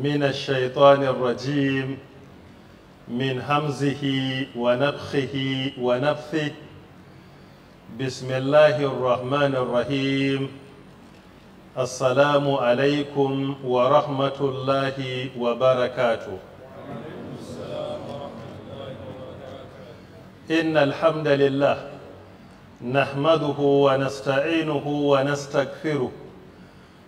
من الشيطان الرجيم من همزه ونفخه ونفثه بسم الله الرحمن الرحيم السلام عليكم ورحمة الله وبركاته إن الحمد لله نحمده ونستعينه ونستغفره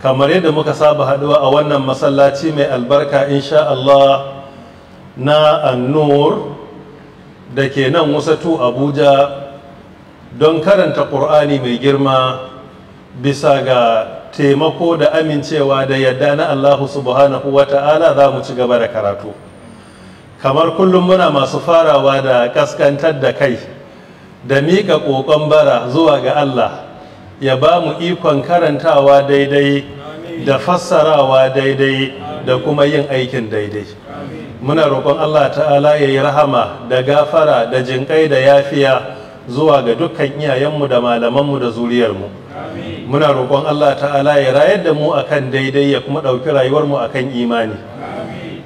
kamar yadda muka saba haɗuwa a wannan masallaci mai albarka insha Allah na annur da ke nan wasatu abuja don karanta ƙur'ani mai girma bisa ga taimako da amincewa da yadda na allahu subhanahu wa ta'ala za mu ci gaba da karatu kamar kullum muna masu farawa da kaskantar da kai da miƙa ƙoƙon bara zuwa ga allah ya ba mu ikon karantawa daidai da fassarawa daidai da kuma yin aikin daidai muna roƙon Allah ta'ala ya yi rahama da gafara da jinƙai da yafiya zuwa ga dukkan iyayenmu da malamanmu da zuriyarmu muna roƙon Allah ta'ala ya rayar da mu akan daidai ya kuma ɗauki rayuwarmu akan imani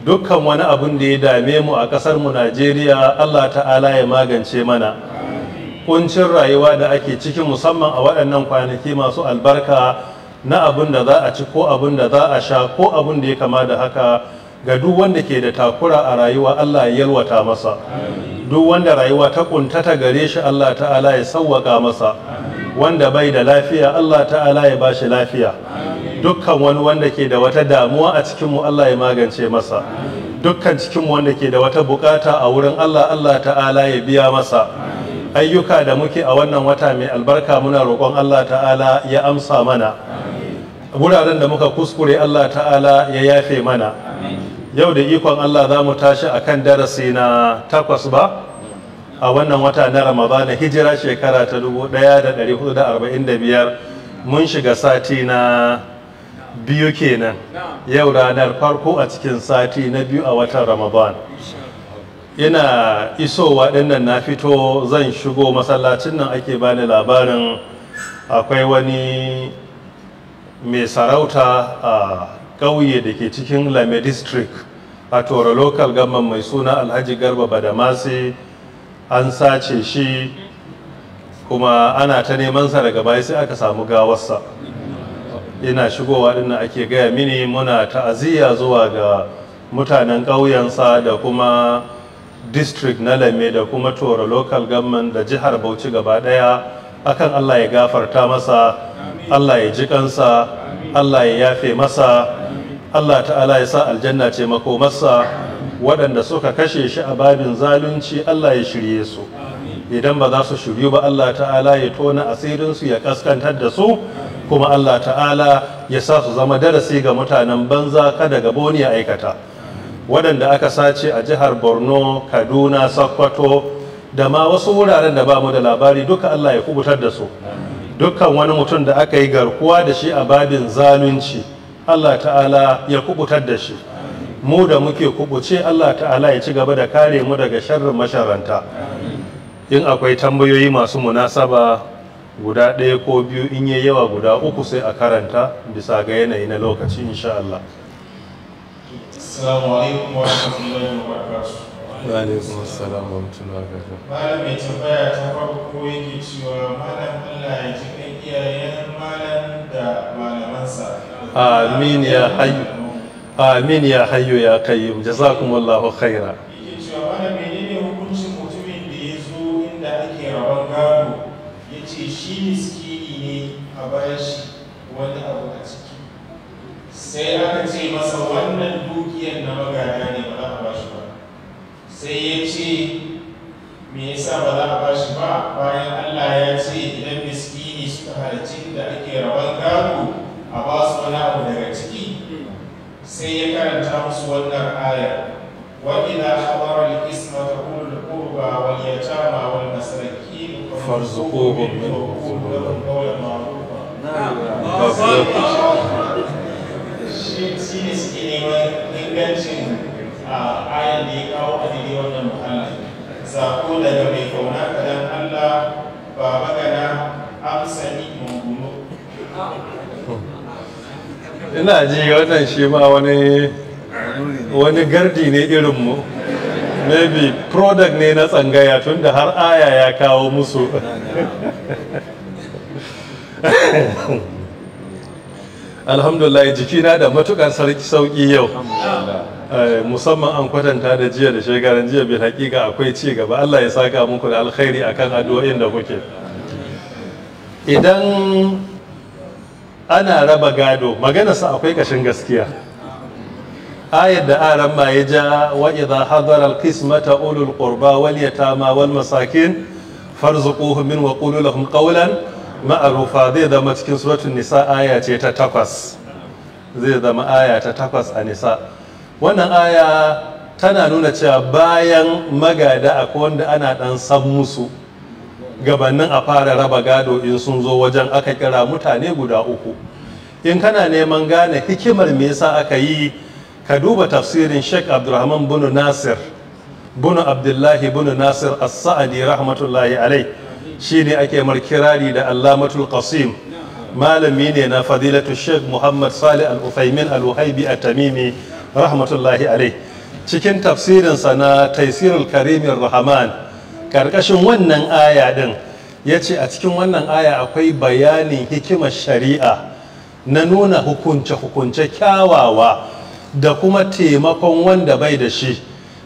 dukkan wani abun da ya dame mu a ƙasarmu Najeriya Allah ta'ala ya magance mana kuncin rayuwa da ake cikin musamman a waɗannan kwanaki masu albarka na abin da za a ci ko abin da za a sha ko abin da ya kama da haka ga duk wanda ke da takura a rayuwa Allah ya yalwata masa duk wanda rayuwa ta kuntata gare shi Allah ta'ala ya sauwaka masa wanda bai da lafiya Allah ta'ala ya bashi lafiya dukkan wani wanda ke da wata damuwa a cikinmu Allah ya magance masa dukkan cikinmu wanda ke da wata bukata a wurin Allah Allah ta'ala ya biya masa ayyuka da muke a wannan wata mai albarka muna roƙon Allah ta'ala ya amsa mana wuraren da muka kuskure Allah ta'ala ya yafe mana yau da ikon Allah za mu tashi a kan darasi na takwas ba a wannan wata na ramadana hijira shekara ta 1445 mun shiga sati na biyu kenan yau ranar farko a cikin sati na biyu a watan ramadana ina isowa dinnan na fito zan shigo masallacin nan ake bani labarin akwai wani mai sarauta a ƙauye da ke cikin lame district a toro local government mai suna alhaji garba badamasi an sace shi kuma ana ta nemansa daga baya sai aka samu gawarsa ina shigowa dinnan ake gaya mini muna ta'aziyya zuwa ga mutanen ƙauyensa da kuma district na lame da kuma toro local government da jihar bauchi gaba daya akan allah ya gafarta masa allah ya ji kansa allah ya yafe masa allah ta'ala ya sa aljanna ce makomarsa waɗanda suka kashe shi a babin zalunci allah ya shirye su idan ba za su shiryu ba allah ta'ala ya tona asirinsu ya kaskantar da su kuma allah ta'ala ya sa su zama darasi ga mutanen banza kada gabo ne aikata waɗanda aka sace a jihar borno kaduna sokoto da ma wasu wuraren da ba mu da labari duka allah ya kubutar da su dukkan wani mutum da aka yi garkuwa da shi a babin zalunci allah ta'ala ya kubutar da shi mu da muke kubuce allah ta'ala ya ci gaba da kare mu daga sharrin masharanta in akwai tambayoyi masu munasaba guda ɗaya ko biyu in yi yawa guda uku sai a karanta bisa ga yanayi na lokaci insha allah Assalamu alaikum ya rahmatullahi wa barakatuh. Wa alaikum wa rahmatullahi wa barakatuh. Malam mai ya kai iyayen malam da malamansa. Amin ya hayyu. ya hayyu ya khaira. cewa hukuncin mutumin da ya zo inda ake rabon yace shi miski sai aka ce masa wannan dukiyar na magana ne ba za a bashi ba sai ya ce me yasa ba za a bashi ba bayan Allah ya ce idan miskini suka halarci da ake rabon gado a ba su wani abu daga ciki sai ya karanta musu wannan aya wa ila hadara al-qisma taqulu al wani wal yatama wal masakin farzuquhum min qawlin ma'ruf na'am shi ne suke neman ingancin a ayan da ya kawo a daidai wannan muhalli sako daga mai kauna kadan allah ba magana ni mummuno ina ji wannan shi ma wani wani gardi ne irinmu maybe product ne na tsangaya tunda har aya ya kawo musu alhamdulillah jikina da matukar sarki sauki yau eh, musamman an kwatanta da jiya da shekaran jiya bin hakika akwai ci gaba Allah ya saka muku da alkhairi akan addu'o'in da kuke idan ana raba gado maganarsa akwai kashin gaskiya ayar da aran ma ya ja wa idha hadara alqismata ulul qurba wal yatama wal masakin farzuquhum min wa qulu lahum qawlan ma'arufa zai zama cikin suratun nisa aya ce ta takwas zai zama aya ta takwas a nisa wannan aya tana nuna cewa bayan magada akwai wanda ana dan san musu gabanin a fara raba gado in sun zo wajen aka kira mutane guda uku in kana neman gane hikimar me yasa aka yi ka duba tafsirin sheikh abdulrahman bunu nasir bunu abdullahi bunu nasir as-sa'adi rahmatullahi alai Shi shine ake markirari da allamatul qasim malami ne na fadilatu sheikh muhammad salih al-uthaymin al-uhaibi at-tamimi rahmatullahi alai cikin tafsirinsa na taisirul karimin rahman ƙarƙashin wannan aya din ya ce a cikin wannan aya akwai bayanin hikimar shari'a na nuna hukunce-hukunce kyawawa da kuma taimakon wanda bai da shi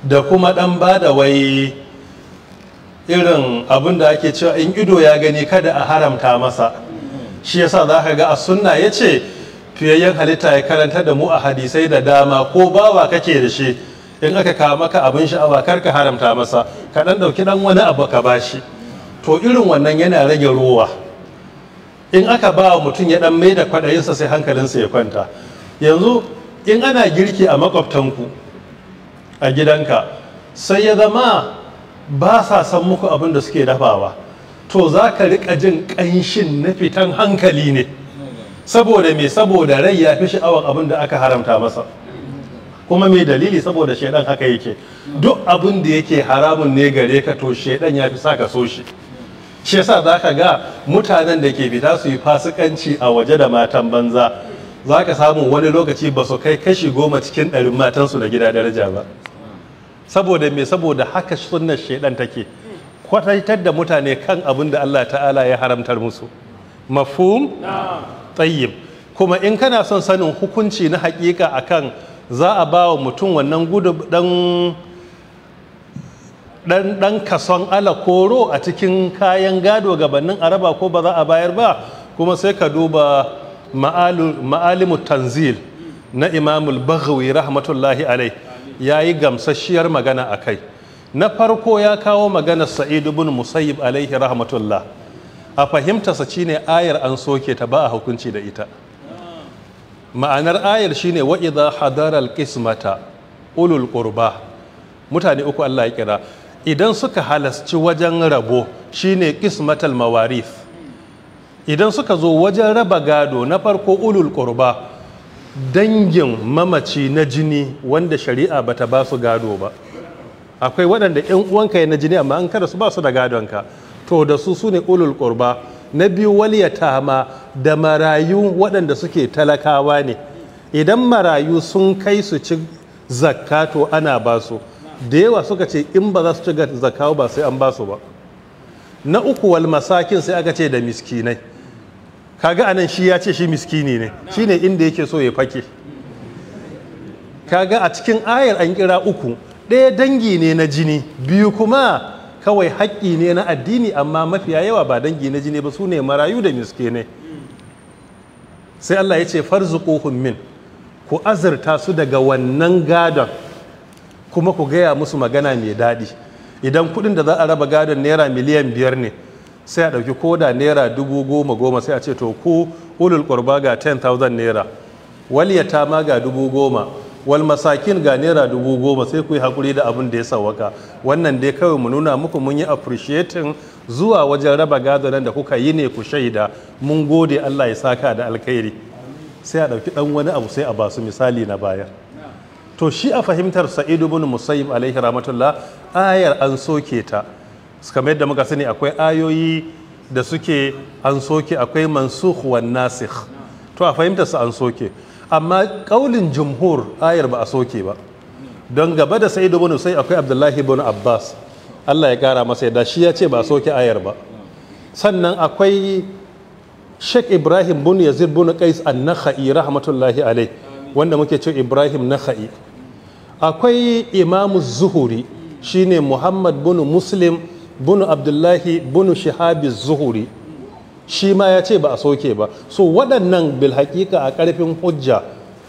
da kuma ɗan bada da wai irin abin da ake cewa in ido ya gani kada a haramta masa shi yasa za ka ga a sunna ya ce fiyayyen halitta ya karanta da mu a hadisai da dama ko bawa kake da shi in aka kawo maka abin sha'awa kar ka haramta masa ka ɗan ɗauki ɗan wani abu ka bashi to irin wannan yana rage ruwa in aka ba wa mutum ya ɗan mai da kwaɗayinsa sai hankalinsa ya kwanta yanzu in ana girki a makwabtanku a gidanka sai ya zama ba sa san muku abin da suke dafawa to za ka rika jin ƙanshin na fitan hankali ne saboda me saboda rai ya fi sha'awar abin da aka haramta masa kuma mai dalili saboda shaidan haka yake duk abin da yake haramun ne gare ka to shaidan ya fi sa ka so shi shi yasa za ka ga mutanen da ke fita su yi fasikanci a waje da matan banza za ka samu wani lokaci ba su kai kashi goma cikin ɗarin matansu da gida daraja ba saboda me saboda haka sunnar shaidan take kwataitar da mutane kan abin da Allah ta'ala ya haramtar musu mafhum tayyib kuma in kana son sanin hukunci na hakika akan za a ba wa mutum wannan gudu dan dan kason ala koro a cikin kayan gado gabanin araba ko ba za a bayar ba kuma sai ka duba ma'alimu tanzil na imamul baghawi rahmatullahi alaihi ya yi gamsasshiyar magana a kai na farko ya kawo magana Sa'idu bin musayyib alaihi rahmatullah a fahimtarsa shine ayar an soke ta ba a hukunci da ita ma'anar ayar shine wa za hadarar kismata ulul qurba mutane uku Allah ya kira idan suka halasci wajen rabo shine qismatal mawarif idan suka zo wajen raba gado na farko ulul qurba dangin mamaci na jini wanda shari'a bata ba su gado ba akwai waɗanda 'yan uwanka na jini amma an kada su ba su da gadonka to da su sune ulul qurba na biyu waliyatama da marayu waɗanda suke talakawa ne idan marayu sun kai su ci zakka to ana ba su da yawa suka ce in ba za su ci zakka ba sai an ba su ba na uku wal masakin sai aka ce da miskinai kaga anan shi ya ce shi miskini ne shine inda yake so ya fake kaga a cikin ayar an kira uku ɗaya dangi ne na jini biyu kuma kawai haƙƙi ne na addini amma mafiya yawa ba dangi na jini ba su ne marayu da miskinai sai Allah ya ce farzuquhum min ku azurta su daga wannan gadon kuma ku gaya musu magana mai daɗi idan kuɗin da za a raba gadon naira miliyan biyar ne sai a ɗauki koda naira dubu goma goma sai a ce to ku ulul qurba ga 10,000 naira wal tama ga dubu goma wal masakin ga naira dubu goma sai ku yi haƙuri da abin da ya sawaka wannan dai kawai mu nuna muku mun yi appreciating zuwa wajen raba gado da kuka yi ne ku shaida mun gode Allah ya saka da alkhairi sai a ɗauki ɗan wani abu sai a basu misali na baya to shi a fahimtar sa'idu bin musayyib alaihi rahmatullah ayar an soke ta kamar da muka sani akwai ayoyi da suke an soke akwai mansukh wan nasikh to a fahimta su an soke amma kaulin jumhur ayar ba a soke ba don gaba da saida ibn sai akwai abdullahi ibn abbas Allah ya kara masa yadda shi ya ce ba a soke ayar ba sannan akwai Sheikh Ibrahim bin Yazid bin Qais an-Nakhai rahmatullahi alai wanda muke ce Ibrahim Nakhai akwai imamu Zuhuri shine Muhammad bin Muslim bunu abdullahi bunu shihabi zuhuri shi ma ya ce ba a soke ba so waɗannan bilhaƙiƙa a ƙarfin hujja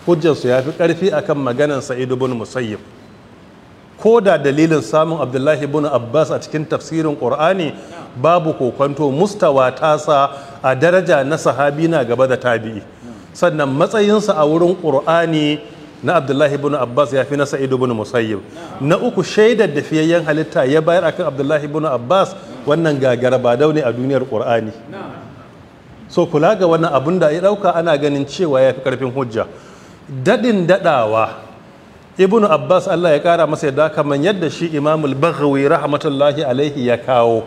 hujjansu ya fi ƙarfi a kan maganan sa'idu bin musayyib ko da dalilin samun abdullahi bin abbas a cikin tafsirin ƙur'ani babu kokwanto mustawa tasa a daraja na sahabi na gaba da tabi'i sannan matsayinsa a wurin ƙur'ani na abdullahi ibn abbas ya fi na Saidu ibn musayyib na uku shaidar da fiyayyen halitta ya bayar akan abdullahi ibn abbas wannan gagara ba daune a duniyar qur'ani so kula ga wannan abun da ya dauka ana ganin cewa ya fi karfin hujja dadin dadawa ibn abbas allah ya kara masa yadda kamar yadda shi imamul baghawi rahmatullahi alaihi ya kawo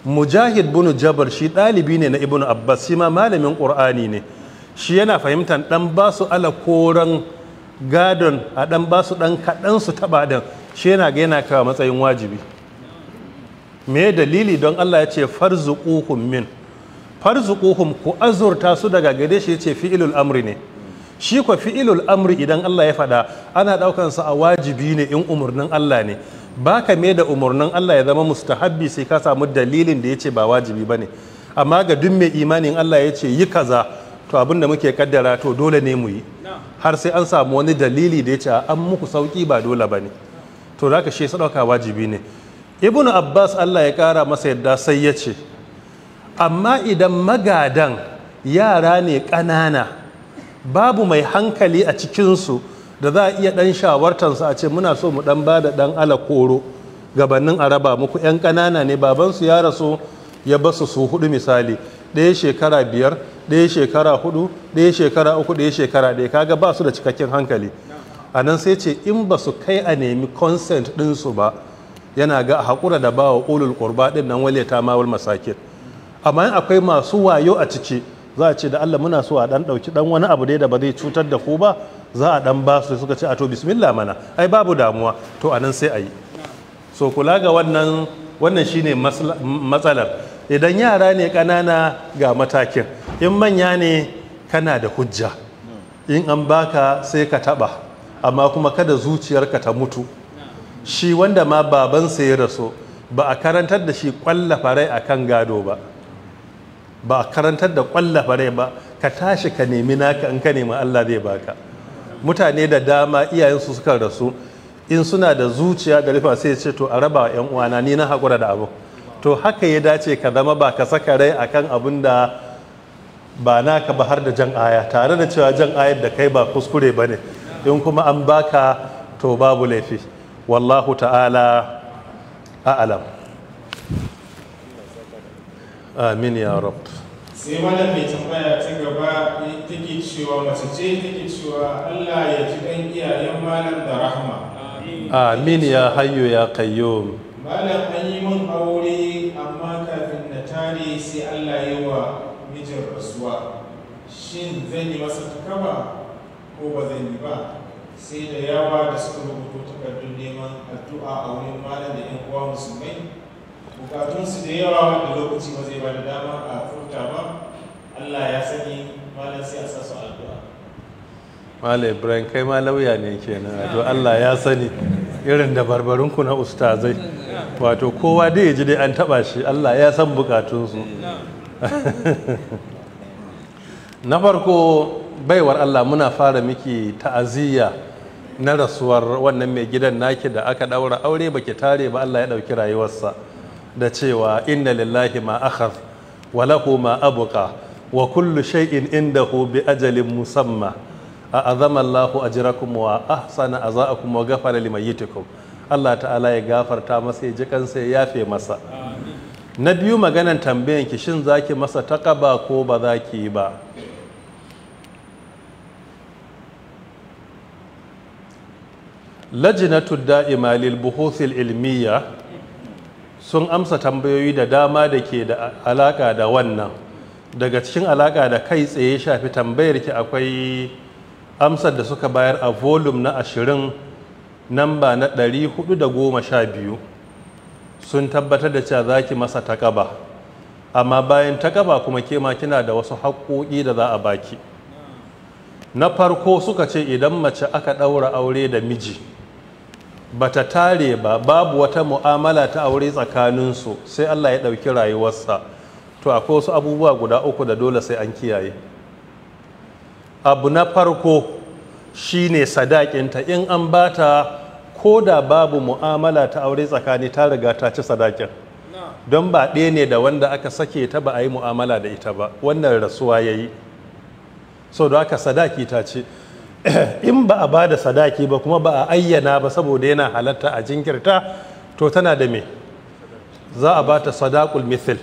mujahid bin jabar shi dalibi ne na ibn abbas shi ma malamin qur'ani ne shi yana fahimtar dan basu ala koran gadon a dan ba su dan kaɗan su taɓa dan shi yana ga yana kawo matsayin wajibi me dalili don Allah ya ce farzuquhum min farzuquhum ku azurta su daga gare shi yace fi'ilul amri ne shi ko fi'ilul amri idan Allah ya faɗa ana ɗaukan sa a wajibi ne in umarnin Allah ne baka me da umarnin Allah ya zama mustahabbi sai ka samu dalilin da yace ba wajibi bane amma ga duk mai imanin Allah yace yi kaza to abin da muke kaddara to dole ne mu yi har sai an samu wani dalili da ya ce an muku sauki ba dole ba ne to za ka shi sadauka wajibi ne ibn abbas allah ya kara masa yadda sai ya ce amma idan magadan yara ne ƙanana babu mai hankali a cikinsu da za a iya ɗan shawartarsa a ce muna so mu ɗan ba da ɗan ala koro gabanin araba muku 'yan ƙanana ne babansu ya rasu ya basu su hudu misali ɗaya shekara biyar ɗaya shekara hudu ɗaya shekara uku ɗaya shekara ɗaya kaga ba su da cikakken hankali a nan sai ce in ba su kai a nemi consent ɗinsu ba yana ga a haƙura da ba wa ulul ƙurba ɗin nan wale ta mawul masakin amma in akwai masu wayo a ciki za a ce da Allah muna so a ɗan ɗauki ɗan wani abu dai da ba zai cutar da ku ba za a ɗan ba su suka ce a to bismillah mana ai babu damuwa to a nan sai a yi so kula ga wannan wannan shine matsalar idan yara ne ƙanana ga matakin in manya ne kana da hujja in an baka sai ka taba amma kuma kada zuciyarka ta mutu shi wanda ma babansa ya rasu ba a karantar da shi kwalla farai a kan gado ba ba a karantar da kwalla farai ba ka tashi ka nemi naka in ka nemi Allah zai baka mutane da dama iyayensu suka rasu in suna da zuciya da rufa sai ce to a raba yan uwana ni na hakura da abu to haka ya dace ka zama ba ka saka rai akan abin da ba naka ba har da jan aya tare da cewa jan ayar da kai ba kuskure ba ne in kuma an baka to babu laifi wallahu ta'ala alam amin ya rab sai wannan mai tambaya ta gaba ke cewa mace ce ta ke cewa Allah ya ji dan iyayen malam da rahama amin ya hayo ya kayo malam an yi min aure amma kafin na tare sai Allah yi wa rasuwa shin zan yi masa takaba ko ba zan yi ba sai da yawa da suka rubuto takardun neman addu'a a wurin malam da yan uwa musulmai bukatunsu da yawa wanda lokaci ba zai ba da dama a furta ba allah ya sani malam sai a sa su addu'a malam ibrahim kai ma lauya ne kenan addu'a allah ya sani irin da barbarunku na ustazai wato kowa dai ya ji dai an taba shi allah ya san bukatunsu na farko baiwar allah muna fara miki ta'aziyya na rasuwar wannan mai gidan naki da aka daura aure baki tare ba allah ya dauki rayuwarsa da cewa inna lillahi ma akhadh wa lahu ma abqa wa kullu shay'in indahu bi ajalin musamma a azama allahu ajrakum wa ahsana azaakum wa ghafara limayyitikum allah ta'ala ya gafarta masa ya ji kansa ya yafe masa na biyu maganan tambayan ki shin zaki masa takaba ko ba za ki yi ba lajinatu da'ima lil buhuthil ilmiya sun amsa tambayoyi da dama da ke da alaka da wannan daga cikin alaka da kai tsaye shafi tambayar ki akwai amsar da suka bayar a volume na ashirin namba na 412 sun tabbatar da cewa zaki masa takaba amma bayan takaba kuma kema kina da wasu haƙoƙi da za a baki na farko suka ce idan mace aka ɗaura aure da miji bata tare ba babu wata mu'amala ta aure tsakaninsu sai Allah ya ɗauki rayuwarsa to akwai wasu abubuwa guda uku da dole sai an kiyaye abu na farko shine sadakinta in an bata ko da babu mu'amala ta aure tsakani ta riga ta ci sadakin don ba ɗaya ne da wanda aka sake ta ba a yi mu'amala da ita ba wannan rasuwa ya yi so da aka sadaki ta ce in ba a ba da sadaki ba kuma ba a ayyana ba saboda yana halatta a jinkirta to tana da me za a ba ta sadakul mithil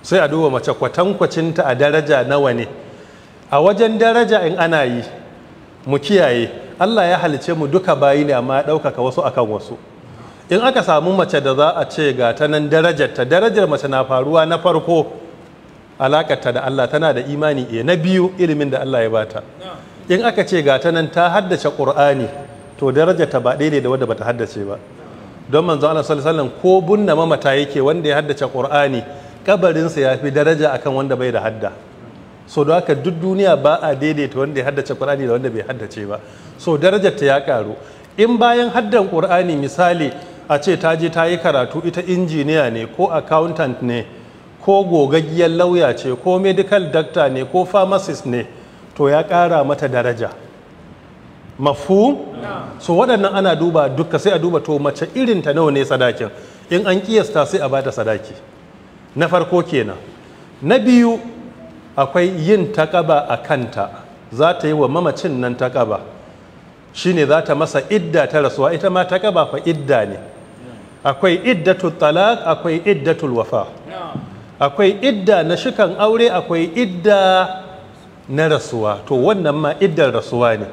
sai a duba mace kwatankwacinta a daraja nawa ne a wajen daraja in ana yi mu kiyaye Allah ya halice mu duka bayi ne amma ya ɗaukaka wasu akan wasu in aka samu mace da za a ce ga ta nan darajarta darajar mace na faruwa na farko alakarta da Allah tana da imani e na biyu ilimin da Allah ya bata in aka ce ga ta nan ta haddace ƙur'ani to daraja ta ba daidai da wadda bata haddace ba don manzo Allah sallallahu alaihi ko bunna mamata yake wanda ya haddace ƙur'ani kabarinsa ya fi daraja akan wanda bai da hadda so da haka duk duniya ba a daidaita wanda ya haddace ƙur'ani da wanda bai haddace ba so darajar ta ya ƙaru. in bayan haddan ƙur'ani misali a ce ta je ta yi karatu ita injiniya ne ko accountant ne ko gogaggiyar lauya ce ko medical doctor ne ko pharmacist ne to ya ƙara mata daraja mafu so waɗannan ana duba duka sai a duba to mace irin ta nawa ne sadakin in an kiyasta sai a bata sadaki na farko kenan na biyu akwai yin takaba a kanta za ta yi wa mamacin nan takaba shine za ta masa idda ta rasuwa ita ma takaba fa idda ne akwai iddatul talaq akwai iddatul wafa akwai idda na shikan aure akwai idda na rasuwa to wannan ma iddar rasuwa ne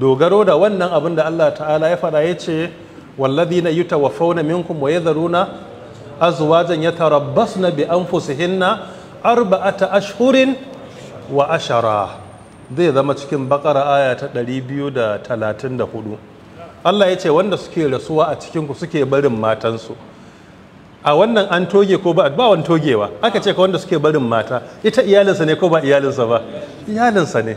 dogaro da wannan abin da Allah ta'ala ya fara ya ce na yutawaffawna minkum wa yadharuna azwajan yatarabbasna bi anfusihinna ta ashhurin wa ashara zai zama cikin bakara aya ta 234 Allah ya ce wanda suke rasuwa a cikinku suke barin matansu a wannan an toge ko ba ba wani togewa aka ce ka wanda suke barin mata ita iyalinsa ne ko ba iyalinsa ba iyalinsa ne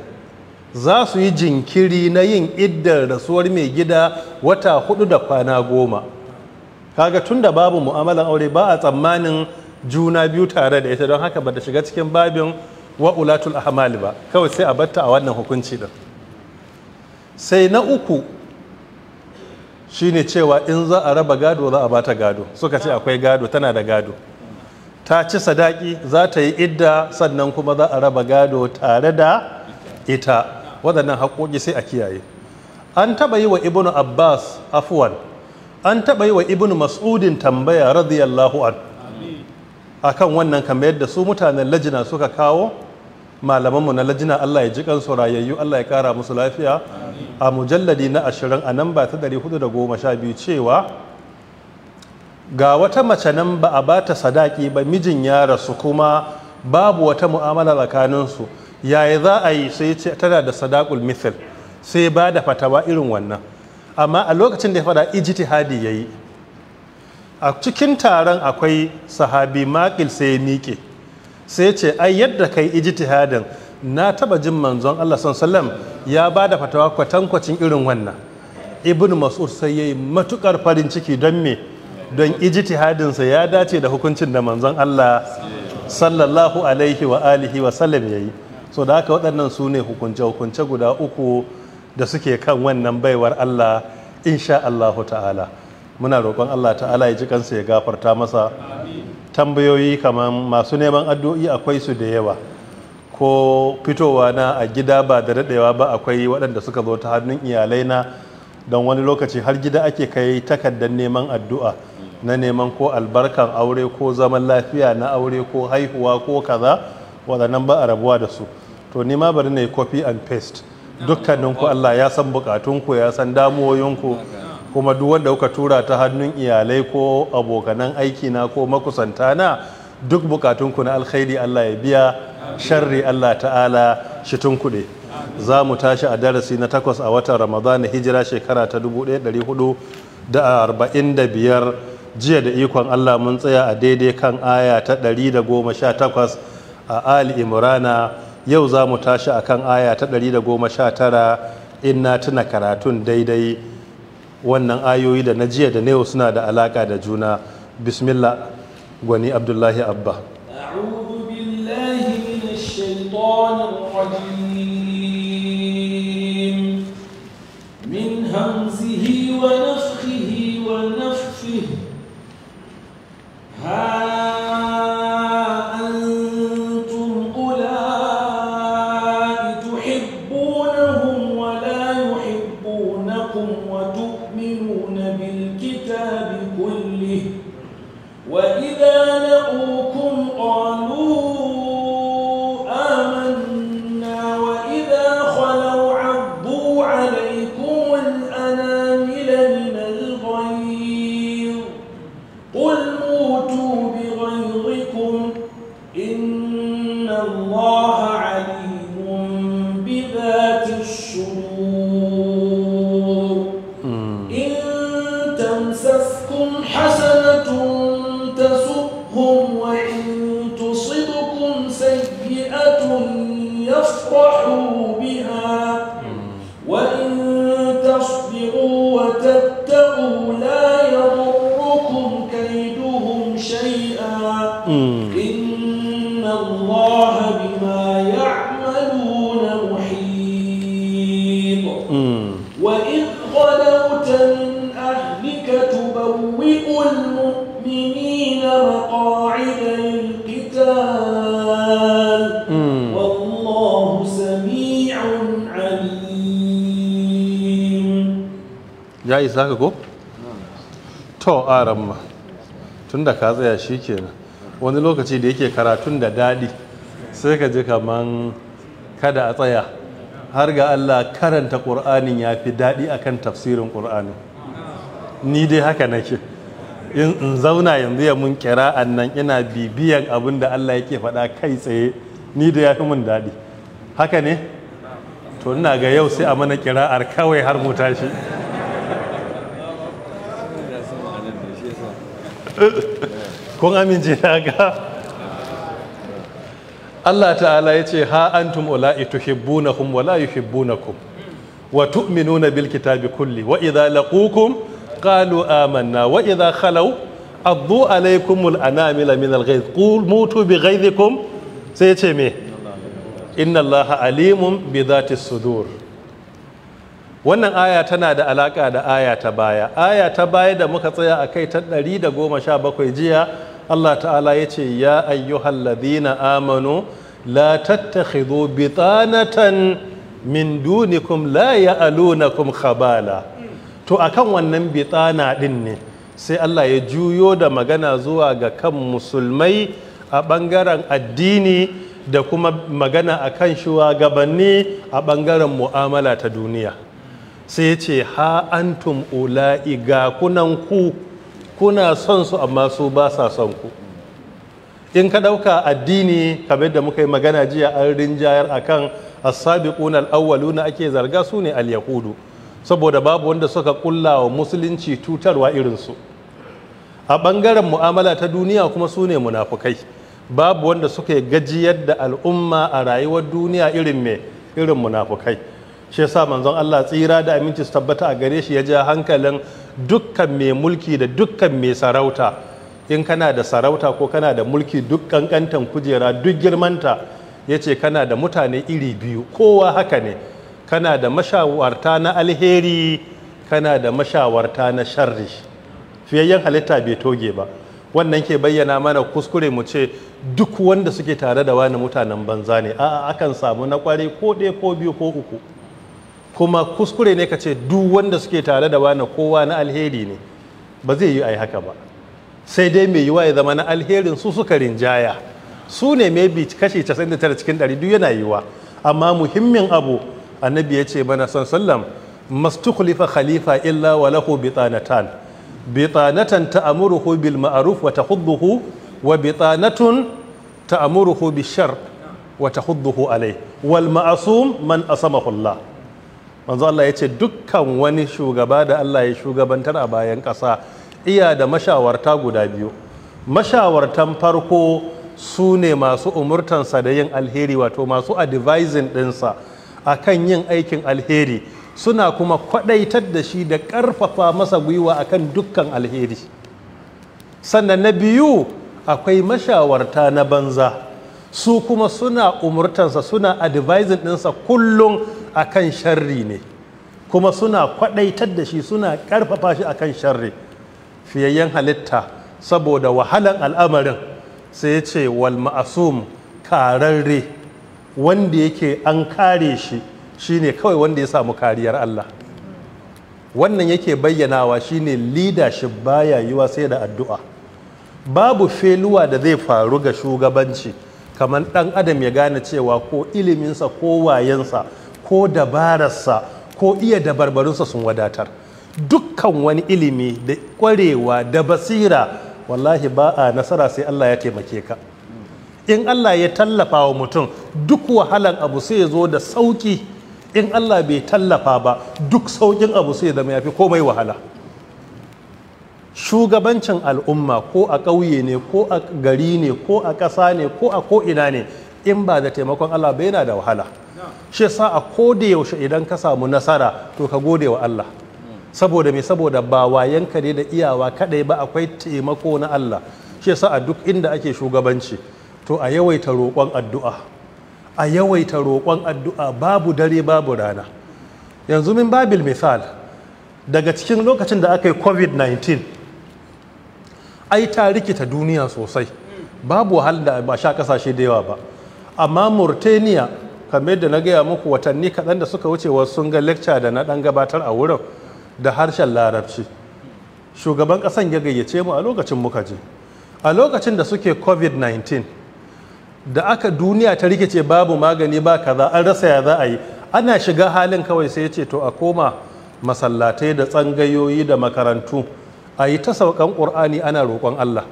za su yi jinkiri na yin iddar rasuwar mai gida wata hudu da kwana goma kaga tun da babu mu'amalan aure ba a tsammanin juna biyu tare da ita don haka ba da shiga cikin babin wa'ulatul ahmal ba kawai sai a batta a wannan hukunci din sai na uku shine cewa in za a raba gado za a bata gado suka ce akwai gado tana da gado ta ci sadaki za ta yi idda sannan kuma za a raba gado tare da ita waɗannan haƙoƙi sai a kiyaye an taɓa yi wa ibnu abbas afuwan an taɓa yi wa ibnu mas'udin tambaya radiyallahu an kan wannan kamar yadda su mutanen lajina suka kawo malamanmu na lajina Allah ya ji kansu rayayyu Allah ya kara musu lafiya a mujalladi na ashirin a nan ba ta ɗari hudu da goma sha biyu cewa ga wata mace nan ba a bata sadaki ba mijin ya rasu kuma babu wata mu'amala tsakaninsu yaya za a yi sai ce tana da sadakul mithil sai ba da fatawa irin wannan amma a lokacin da ya fada ijtihadi yayi a cikin taron akwai sahabi makil sai ya miƙe sai ce ai yadda kai ijtihadin na taba jin manzon Allah sallam ya ba da fatawa kwatankwacin irin wannan ibn mas'ud sai yayi matukar farin ciki don me don ijtihadin sa ya dace da hukuncin da manzon Allah sallallahu alaihi wa alihi wa sallam yayi so da haka waɗannan su ne hukunce hukunce guda uku da suke kan wannan baiwar Allah insha Allahu ta'ala muna roƙon Allah ta'ala ya ji kansa ya gafarta masa tambayoyi kamar masu neman addu'o'i akwai su da yawa ko fitowa na a gida ba da daɗewa ba akwai waɗanda suka zo ta hannun iyalai na don wani lokaci har gida ake kai takardar neman addu'a na neman ko albarkan aure ko zaman lafiya na aure ko haihuwa ko kaza waɗannan ba a rabuwa da su to ni ma bari na yi copy and paste dukkaninku Allah ya san bukatunku ya san damuwoyinku kuma duk wanda kuka tura ta hannun iyalai ko abokanan aikina ko makusantana, na duk bukatunku na alkhairi Allah ya biya sharri Allah ta'ala shi tun tunkuɗe za mu tashi a darasi na takwas a watan ramadan hijira shekara ta 1445 jiya da ikon Allah mun tsaya a daidai kan aya ta 118 a ali imrana yau za mu tashi a kan aya ta 119 in na tuna karatun daidai wannan ayoyi da na jiya da na yau suna da alaka da juna bismillah gwani abdullahi abba billahi الضلال والله سميع عليم يا tunda ka tsaya shi kenan wani lokaci da yake karatun da daɗi sai ka ji kaman kada a tsaya har ga Allah karanta ƙur'anin ya fi daɗi akan tafsirin ƙur'anin ni dai haka nake in zauna yanzu ya mun kira, nan ina bibiyan abin da Allah yake faɗa kai tsaye ni da ya fi mun daɗi haka ne to ina ga yau sai a mana kira'ar kawai har mu tashi kun amince na ga Allah ta'ala ya ce ha antum ula'i tuhibbunahum wa la yuhibbunakum wa tu'minuna bil kitabi kulli wa idza laqukum قالوا آمنا وإذا خلوا أضوا عليكم الأنامل من الغيظ قول موتوا بغيظكم سيتمي إن الله عليم بذات الصدور wannan aya tana da alaka da aya ta baya aya ta baya da muka tsaya a kai ta 117 jiya Allah ta'ala ya ce ya ayyuhallazina amanu la tattakhidhu bitanatan min dunikum la ya'alunakum khabala to akan wannan bitana ɗin ne sai Allah ya juyo da magana zuwa ga kan musulmai a ɓangaren addini da kuma magana a kan shugabanni a ɓangaren mu'amala ta duniya sai ce ha antum ula'i ga kunan ku kuna son su amma su ba sa son ku in ka ɗauka addini kamar da muka yi magana jiya an rinjayar akan as-sabiquna al na ake zarga su ne al-yahudu saboda babu wanda suka kulla wa musulunci tutarwa irinsu a ɓangaren mu'amala ta duniya kuma su ne munafukai babu wanda suka yi gajiyar da al'umma a rayuwar duniya irin mai irin munafukai shi yasa manzon Allah tsira da aminci su tabbata a gare shi ya ja hankalin dukkan mai mulki da dukkan mai sarauta in kana da sarauta ko kana da mulki duk kankantan kujera duk girmanta ya ce kana da mutane iri biyu kowa haka ne kana da mashawarta na alheri kana da mashawarta na sharri fiyayyen halitta bai toge ba wannan ke bayyana mana kuskure mu ce duk wanda suke tare da wani mutanen banza ne a'a akan samu na kware ko ɗaya ko biyu ko uku kuma kuskure ne ka ce duk wanda suke tare da wani kowa na alheri ne ba zai yi a haka ba sai dai mai yiwa ya zama na alherin su suka rinjaya su ne mai bi kashi 99 cikin 100 duk yana yiwa amma muhimmin abu annabi ya ce mana son sallam mastukhlifa khalifa illa wa lahu bitanatan bitanatan ta'muruhu bil ma'ruf wa tahudduhu wa bitanatun ta'muruhu bi shar wa tahudduhu alai wal ma'asum man asamahu Allah manzo Allah ya ce dukkan wani shugaba da Allah ya shugabantar a bayan ƙasa iya da mashawarta guda biyu mashawartan farko su ne masu umurtansa da yin alheri wato masu advising ɗinsa akan yin aikin alheri suna kuma kwaɗaitar da shi da ƙarfafa masa gwiwa akan dukkan alheri sannan na biyu akwai mashawarta na banza su kuma suna umurtansa suna advising ɗinsa kullum akan sharri ne kuma suna kwaɗaitar da shi suna ƙarfafa shi akan sharri fiyayyen halitta saboda wahalan al'amarin sai ya ce wal ma'asum kararre wanda yake an kare shi shine kawai wanda ya samu kariyar Allah wannan yake bayyanawa shine leadership baya yiwa sai da addu'a babu feluwa da zai faru ga shugabanci kamar ɗan adam ya gane cewa ko iliminsa ko wayensa ko dabararsa ko iya dabarbarunsa sun wadatar dukkan wani ilimi da kwarewa da basira wallahi ba a nasara sai Allah ya taimake ka in Allah ya tallafa wa mutum duk wahalan abu sai zo da sauƙi in Allah bai tallafa ba duk sauƙin abu sai zama ya fi komai wahala shugabancin al'umma ko a ƙauye ne ko a gari ne ko a ƙasa ne ko a ko'ina ne in ba da taimakon Allah ba yana da wahala shi sa a da yaushe idan ka samu nasara to ka gode wa Allah saboda me saboda ba yanka ne da iyawa kadai ba akwai taimako na Allah shi sa a duk inda ake shugabanci to a yawaita roƙon addu'a a yawaita roƙon addu'a babu dare babu rana yanzu min babil misal daga cikin lokacin da aka yi covid-19 ai ta rikita duniya sosai babu wahalar da ba sha kasashe da yawa ba amma mauritania kamar da na gaya muku watanni kaɗan da suka wuce wasu sun ga lecture da na ɗan gabatar a wurin da harshen larabci shugaban ƙasan ya gayyace mu a lokacin muka je a lokacin da suke covid-19 da aka duniya ta rikice babu magani ba kaza an rasa ya za a yi ana shiga halin kawai sai ce to a koma masallatai da tsangayoyi da makarantu a yi ta saukan ƙur'ani ana roƙon Allah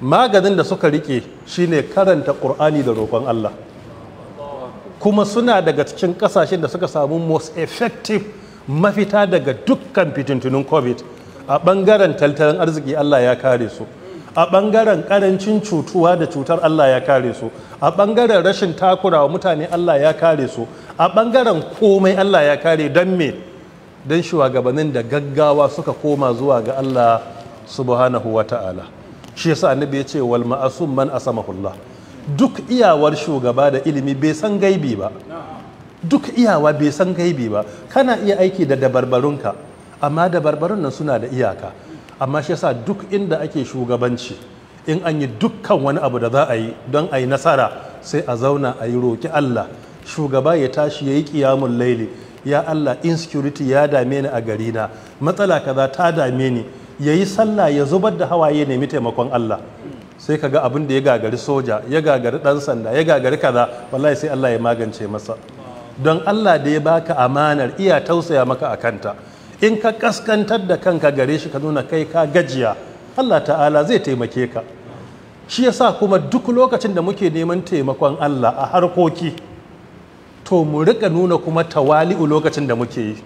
maganin da suka rike shine karanta ƙur'ani da roƙon Allah kuma suna daga cikin ƙasashen da suka samu most effective mafita daga dukkan fitintunin covid a ɓangaren tattalin arziki Allah ya kare su a ɓangaren ƙarancin cutuwa da cutar Allah ya kare su a ɓangaren rashin takurawa mutane Allah ya kare su a ɓangaren komai Allah ya kare don me don shugabannin da gaggawa suka koma zuwa ga Allah subhanahu wa ta'ala shi yasa annabi ya ce wal ma'asum man asamahullah duk iyawar shugaba da ilimi bai san gaibi ba duk iyawa bai san gaibi ba kana iya aiki da dabarbarunka amma dabarbarun nan suna da iyaka amma shi yasa duk inda ake shugabanci in an yi dukkan wani abu da za a yi don a yi nasara sai a zauna a yi roki Allah shugaba ya tashi ya yi ƙiyamun laili ya Allah in insecurity ya dame ni a gari na matsala kaza ta dame ni ya yi sallah ya zubar da hawaye nemi taimakon Allah sai ka ga abin da ya gagari soja ya gagari ɗan sanda ya gagari kaza wallahi sai Allah ya magance masa don Allah da ya baka amanar iya tausaya maka a kanta in ka kaskantar da kanka gare shi ka nuna kai ka gajiya Allah ta'ala zai taimake ka shi yasa kuma duk lokacin da muke neman taimakon Allah a harkoki to mu rika nuna kuma tawali'u lokacin da muke yi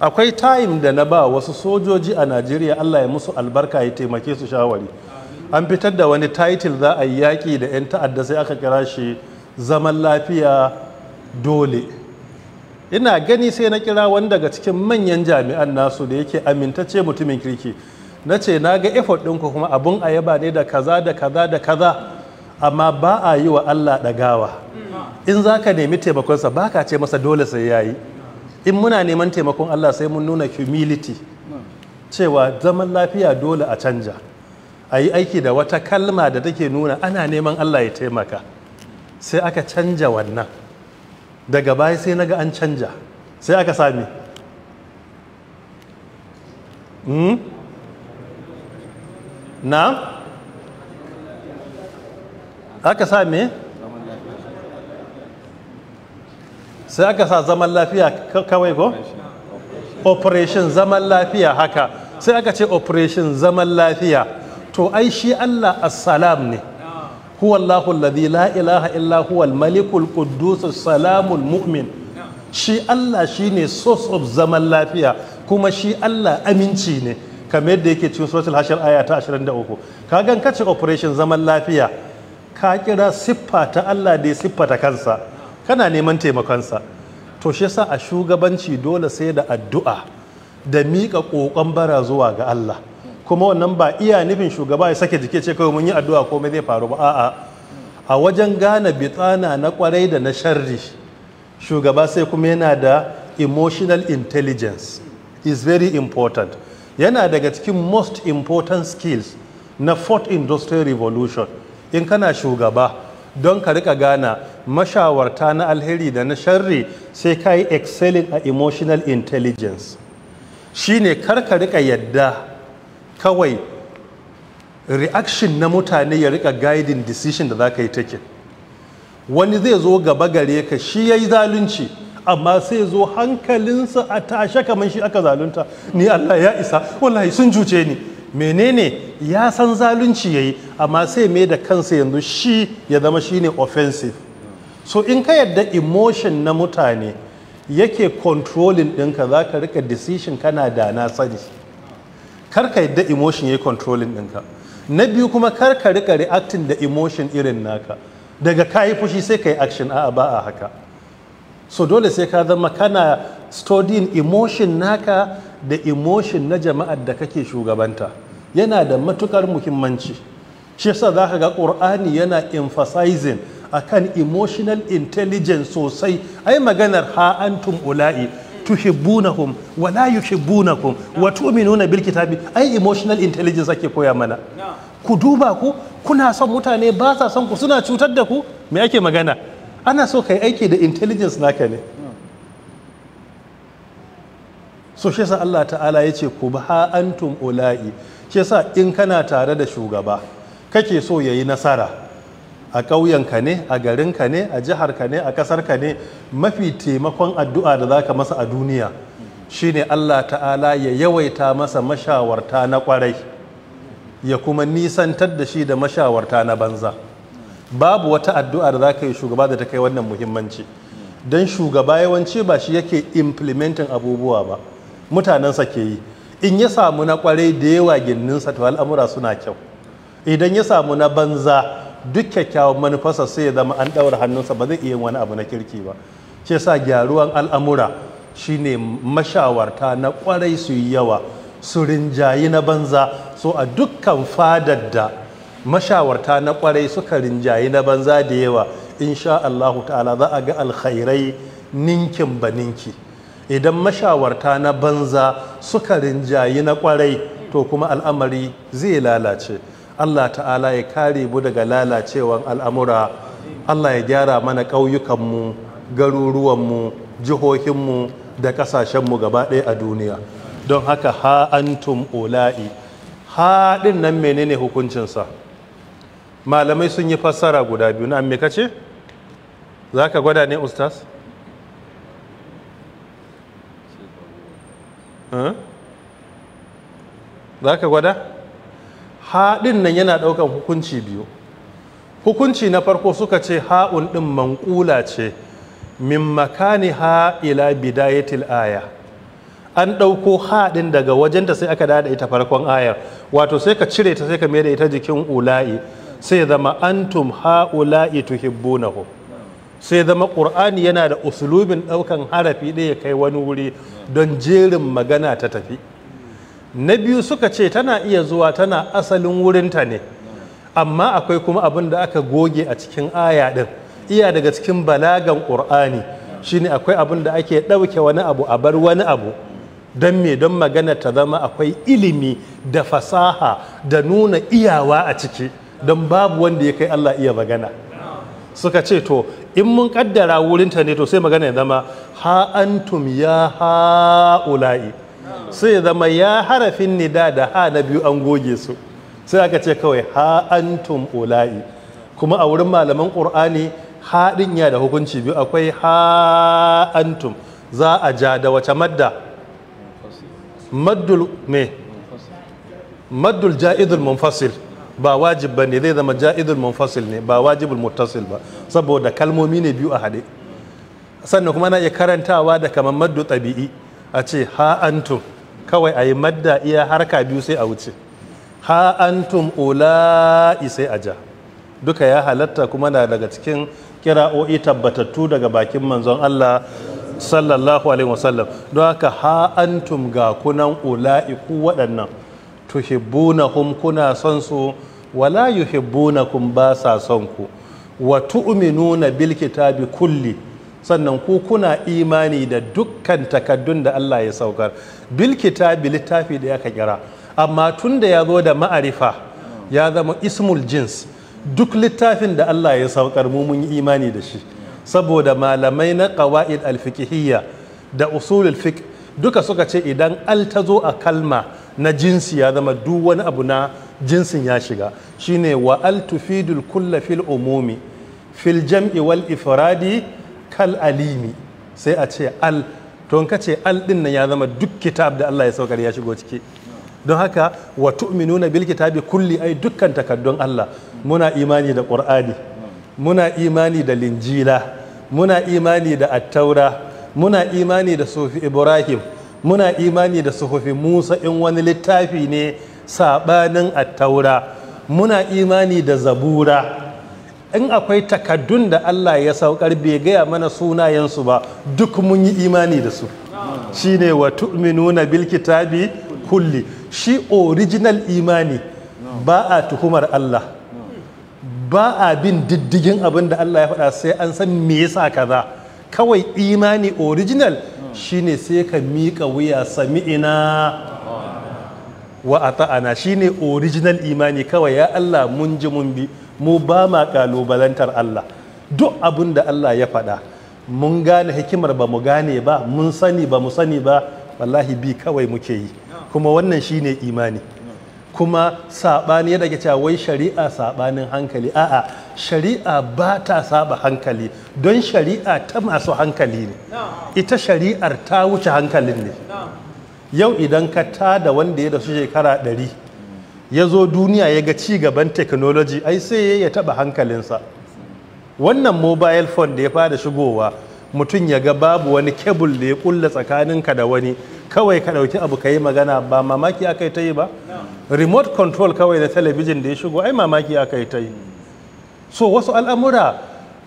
akwai time da na ba wasu sojoji a najeriya allah ya musu albarka ya taimake su shawari an fitar da wani title za a yi yaƙi da 'yan ta'adda sai aka kira shi zaman lafiya dole ina gani sai na kira wani daga cikin manyan jami'an nasu da yake amintacce mutumin kirki na ce na ga effort ɗinku kuma abun a yaba ne da kaza da kaza da kaza amma ba a yi wa Allah ɗagawa in za ka nemi taimakonsa ba ka ce masa dole sai ya yi in muna neman taimakon Allah sai mun nuna humility cewa zaman lafiya dole a canja a yi aiki da wata kalma da take nuna ana neman Allah ya taimaka sai aka canja wannan daga baya sai na an canja sai aka sami hmm? na aka sami sai aka sa zaman lafiya kawai ko operation zaman lafiya haka sai aka ce operation zaman lafiya to ai shi allah assalam ne huwa Allahu alladhi la ilaha illa huwa malikul kudus salamul mu'min shi Allah shine source of zaman lafiya kuma shi Allah aminci ne kamar yadda yake cikin suratul hashir da uku. Ka gan kace operation zaman lafiya ka kira siffa ta Allah da siffa ta kansa kana neman taimakonsa to shi yasa a shugabanci dole sai da addu'a da miƙa ƙoƙon bara zuwa ga Allah kuma wannan ba iya nufin shugaba ya sake jike ce kawai mun yi addu'a komai zai faru ba a'a a wajen gane bitsana na kwarai da na sharri shugaba sai kuma yana da emotional intelligence is very important yana daga cikin most important skills na fourth industrial revolution in kana shugaba don ka rika gana mashawarta na alheri da na sharri sai ka yi excelling a emotional intelligence shine kar ka rika yadda kawai reaction na mutane ya rika guiding decision da za ka yi take wani zai zo gaba gare ka shi ya yi zalunci amma sai zo hankalinsa a tashe kamar shi aka zalunta ni Allah ya isa wallahi sun juce ni menene ya san zalunci ya yi amma sai mai da kansa yanzu shi ya zama shi ne offensive so in ka yadda emotion na mutane yake controlling ɗinka za ka rika decision kana da na sani kar ka yadda emotion ya yi controlling ɗinka na biyu kuma kar ka rika reacting da emotion irin naka daga ka yi fushi sai ka yi action a ba a haka so dole sai ka zama kana studying emotion naka da emotion na jama'ar da kake shugabanta yana da matukar muhimmanci shi yasa za ka ga ƙur'ani yana emphasizing akan emotional intelligence sosai ai maganar ha antum ula'i tuhibbunahum wa la yuhibbunakum wa tu'minuna bil kitabi ai emotional intelligence ake koya mana ku duba ku kuna son mutane ba sa son ku suna cutar da ku me ake magana ana so kai aiki da intelligence naka ne so shi sa Allah ta'ala yace ku ba antum ula'i shi sa in kana tare da shugaba kake so yayi nasara a ƙauyenka ne a garinka ne a jiharka ne a ƙasarka ne mafi taimakon addu'a da za ka masa a duniya shine allah ta'ala ya yawaita masa mashawarta na ƙwarai ya kuma nisantar da shi da mashawarta na banza babu wata addu'a da za ka yi shugaba da ta kai wannan muhimmanci don shugaba yawanci ba shi yake implementing abubuwa ba mutanensa ke yi in ya samu na ƙwarai da yawa ginninsa to al'amura suna kyau idan ya samu na banza duk kyakkyawan manufasa sai ya zama an ɗaura hannunsa ba zai iya wani abu na kirki ba ce sa gyaruwan al'amura shine mashawarta na ƙwarai su yi yawa su rinjayi na banza so a dukkan fadar da mashawarta na kwarai suka rinjayi na banza da yawa insha Allahu ta'ala za a ga alkhairai ninkin ba ninki idan mashawarta na banza suka rinjayi na kwarai to kuma al'amari zai lalace Allah ta'ala ya kare mu daga lalacewan al'amura Allah ya gyara mana ƙauyukanmu garuruwanmu jihohinmu da ƙasashenmu gaba ɗaya a duniya don haka ha'antum ula'i haɗin nan menene hukuncinsa malamai sun yi fassara guda biyu na me kace za ka gwada ne ustaz za ka gwada haɗin nan yana ɗaukan hukunci biyu hukunci na farko suka ce ha'un ɗin manƙula ce min makani ha ila bidayatil aya an ɗauko haɗin daga wajenta sai aka dada ita farkon ayar wato sai ka cire ta sai ka mai da ita jikin ula'i sai zama antum ha'ula'i tuhibbunahu sai zama ƙur'ani yana da usulubin ɗaukan harafi ɗaya kai wani wuri don jerin magana ta tafi na biyu suka ce tana iya zuwa tana asalin wurinta ne amma akwai kuma abin da aka goge a cikin aya ɗin iya daga cikin balagan ƙur'ani shine akwai abin da ake ɗauke wani abu a bar wani abu don me don magana ta zama akwai ilimi da fasaha da nuna iyawa a ciki don babu wanda ya kai Allah iya magana suka ce to in mun kaddara wurinta ne to sai magana ya zama ha ya ha'ula'i sai zama ya harafin nida da ha na biyu an goge su sai aka ce kawai ha antum ula'i kuma a wurin malaman ƙur'ani ha ɗin ya da hukunci biyu akwai ha antum za a ja da wace madda maddul me maddul ja'idul munfasil ba wajib ba ne zai zama ja'idul munfasil ne ba wajibul muttasil ba saboda kalmomi ne biyu a haɗe sannan kuma na iya karantawa da kamar maddu ɗabi'i a ce ha antum kawai a yi madda iya harka biyu sai a wuce ha antum ula'i sai a ja duka ya halatta kuma na daga cikin kira'o'i tabbatattu daga bakin manzon Allah sallallahu alaihi wasallam don haka ha antum ga kunan ula'i ku waɗannan tuhibbunahum kuna son su wala yuhibbunakum ba sa son ku wa tu'minuna bil kitabi kulli sannan ku kuna imani da dukkan takaddun da Allah ya saukar Bilkita littafi da ka kira amma tun da ya zo da ma'arifa ya zama ismul jins duk littafin da Allah ya saukar mu mun yi imani da shi saboda malamai na qawaid alfikihiyya da usul fiqh duka suka ce idan al ta zo a kalma na jinsi ya zama duk wani abu na jinsin ya shiga shine wa al tufidul kulla fil umumi fil jam'i wal ifradi kal alimi sai a ce al to in ka al din nan ya zama duk kitab da Allah ya saukar ya shigo ciki don haka wa tu'minuna bil kitabi kulli ai dukkan takaddun Allah muna imani da qur'ani muna imani da linjila muna imani da attaura muna imani da sufi ibrahim muna imani da suhufi musa in wani littafi ne sabanin attaura muna imani da zabura in akwai takaddun da Allah ya saukar bai gaya mana sunayensu ba duk mun yi imani da su shine wa tu'minuna bil kitabi kulli shi original imani ba a tuhumar Allah ba a bin diddigin abin da Allah ya faɗa sai an san me yasa kaza kawai imani original shine sai ka miƙa wuya sami'ina wa ata'ana shine original imani kawai ya Allah mun ji mun bi mu ba ma kalubalantar Allah duk abin da Allah ya faɗa mun gane hikimar ba mu gane ba mun sani ba mu sani ba wallahi bi kawai muke yi kuma wannan shine imani kuma saɓani ya daga cewa wai shari'a saɓanin hankali a'a shari'a ba ta saba hankali don shari'a ta masu hankali ne ita shari'ar ta wuce hankalin ne yau idan ka tada wanda ya da su shekara ɗari ya zo duniya ya ga ci gaban technology ai sai ya taba hankalinsa wannan mobile phone da ya fara shigowa mutum ya ga babu wani kebul da ya kulla tsakaninka da wani kawai ka dauki abu ka yi magana ba mamaki aka yi ta yi ba remote control kawai na talabijin da ya shigo ai mamaki aka yi ta yi so wasu al'amura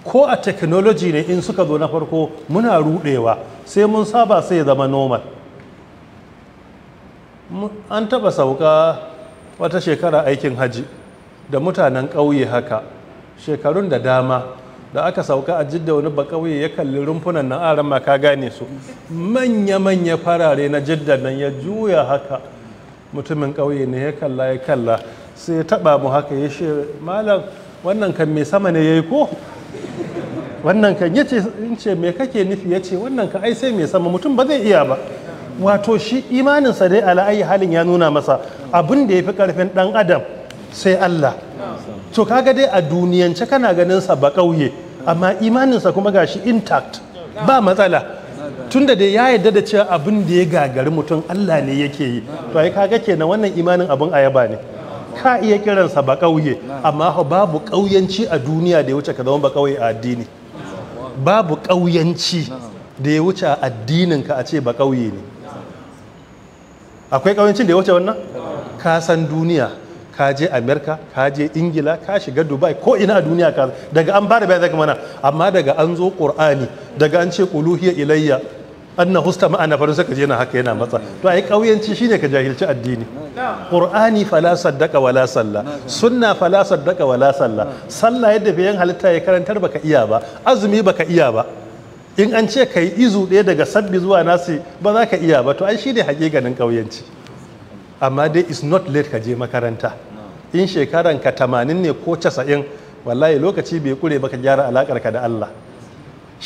ko a technology ne in suka zo na farko muna rudewa sai mun saba sai ya zama normal an taba sauka wata shekara aikin haji da mutanen ƙauye haka shekarun da dama da aka sauka a jidda wani ba ƙauye ya kalli rumfunan na aran ma ka gane su manya-manya farare na jidda nan ya juya haka mutumin ƙauye ne ya kalla ya kalla sai ya taba mu haka ya shi malam wannan kan mai sama ne ya yi ko wannan kan yace in ce me kake nufi ya ce wannan kan ai sai mai sama mutum ba zai iya ba wato shi imaninsa dai ala ayi halin ya nuna masa abin da ya fi karfin ɗan adam sai Allah to kaga dai a duniyance kana ganin sa ba kauye amma imaninsa kuma gashi intact ba matsala tunda da ya yarda da cewa abin da ya gagari mutum Allah ne yake yi to ai kaga kenan wannan imanin abin ayaba ne ka iya kiransa ba kauye amma babu kauyenci a duniya da ya wuce ka zama ba ƙauye a addini babu ƙauyenci da ya wuce a addinin ka a ce ba ƙauye ne akwai ƙauyencin da ya wuce wannan ka san duniya ka je amerika ka je ingila ka shiga dubai ko ina a duniya ka daga an ba da bayan zaka mana amma daga an zo qur'ani daga an ce quluhiya ilayya anna husta ma ana farin saka je na haka yana matsa to ai kauyanci shine ka jahilci addini qur'ani fala saddaka wala salla sunna fala saddaka wala salla sallah yadda bayan halitta ya karantar baka iya ba azumi baka iya ba in an ce kai izu ɗaya daga sabbi zuwa nasi ba za ka iya ba to ai shine ganin kauyanci amma dai is not late ka je makaranta in shekaran ka tamanin ne ko casa'in wallahi lokaci bai kure baka gyara alakar ka da Allah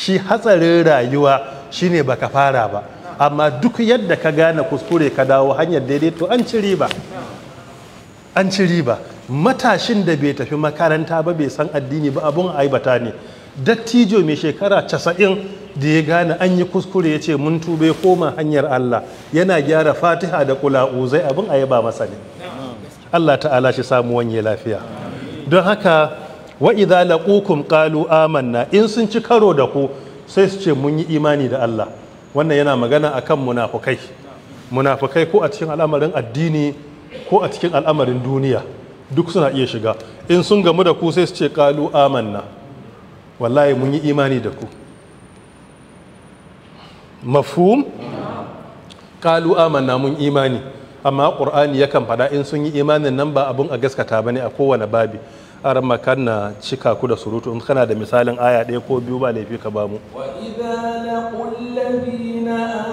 shi hatsarin rayuwa shine baka fara ba amma duk yadda ka gane kuskure ka dawo hanyar daidai to an ci riba an ci riba matashin da bai tafi makaranta ba bai san addini ba abun aibata ne dattijo mai shekara casa'in da ya gane an yi kuskure ya ce mun tube koma hanyar Allah yana gyara fatiha da zai abin a ba masa ne Allah ta'ala shi samu wanye lafiya don haka wa idza laqukum qalu amanna in sun ci karo da ku sai su ce mun yi imani da Allah wannan yana magana akan munafukai munafukai ko a cikin al'amarin addini ko a cikin al'amarin duniya duk suna iya shiga in sun gamu da ku sai su ce qalu amanna wallahi mun yi imani da ku mafhum kalu amanna mun imani amma qur'ani yakan faɗa in sun yi imanin nan ba abun a gaskata bane a kowane babi aran makanna cika ku da surutu in kana da misalin aya ɗaya ko biyu ba laifi ka bamu wa idza laqul ladina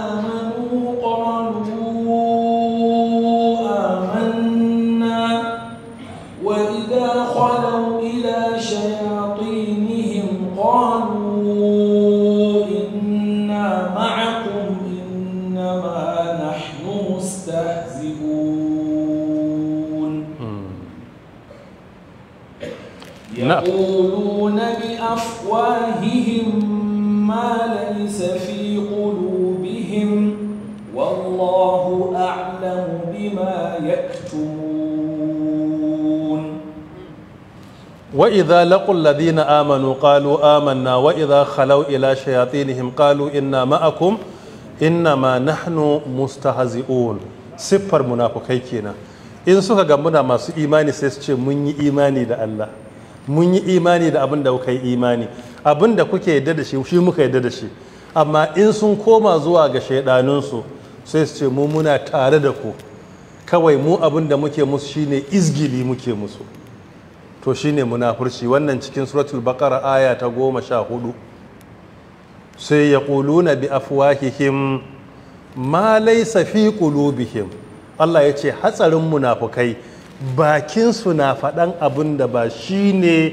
يقولون بأفواههم ما ليس في قلوبهم والله أعلم بما يكتمون وإذا لقوا الذين آمنوا قالوا آمنا وإذا خلوا إلى شياطينهم قالوا إنا معكم إنما نحن مستهزئون سفر منافقين إن in suka ما muna masu imani sai su ce mun mun yi imani da abin da kuka yi imani abin da kuke yadda da shi shi muka yadda da shi amma in sun koma zuwa ga shaidaninsu sai su ce mu muna tare da ku kawai mu abin da muke musu shine izgili muke musu to shine munafurci wannan cikin suratul baqara aya ta goma sha hudu sai ya na bi afwahihim ma laysa fi qulubihim Allah ya ce hatsarin munafukai bakinsu na faɗan abin da ba shi ne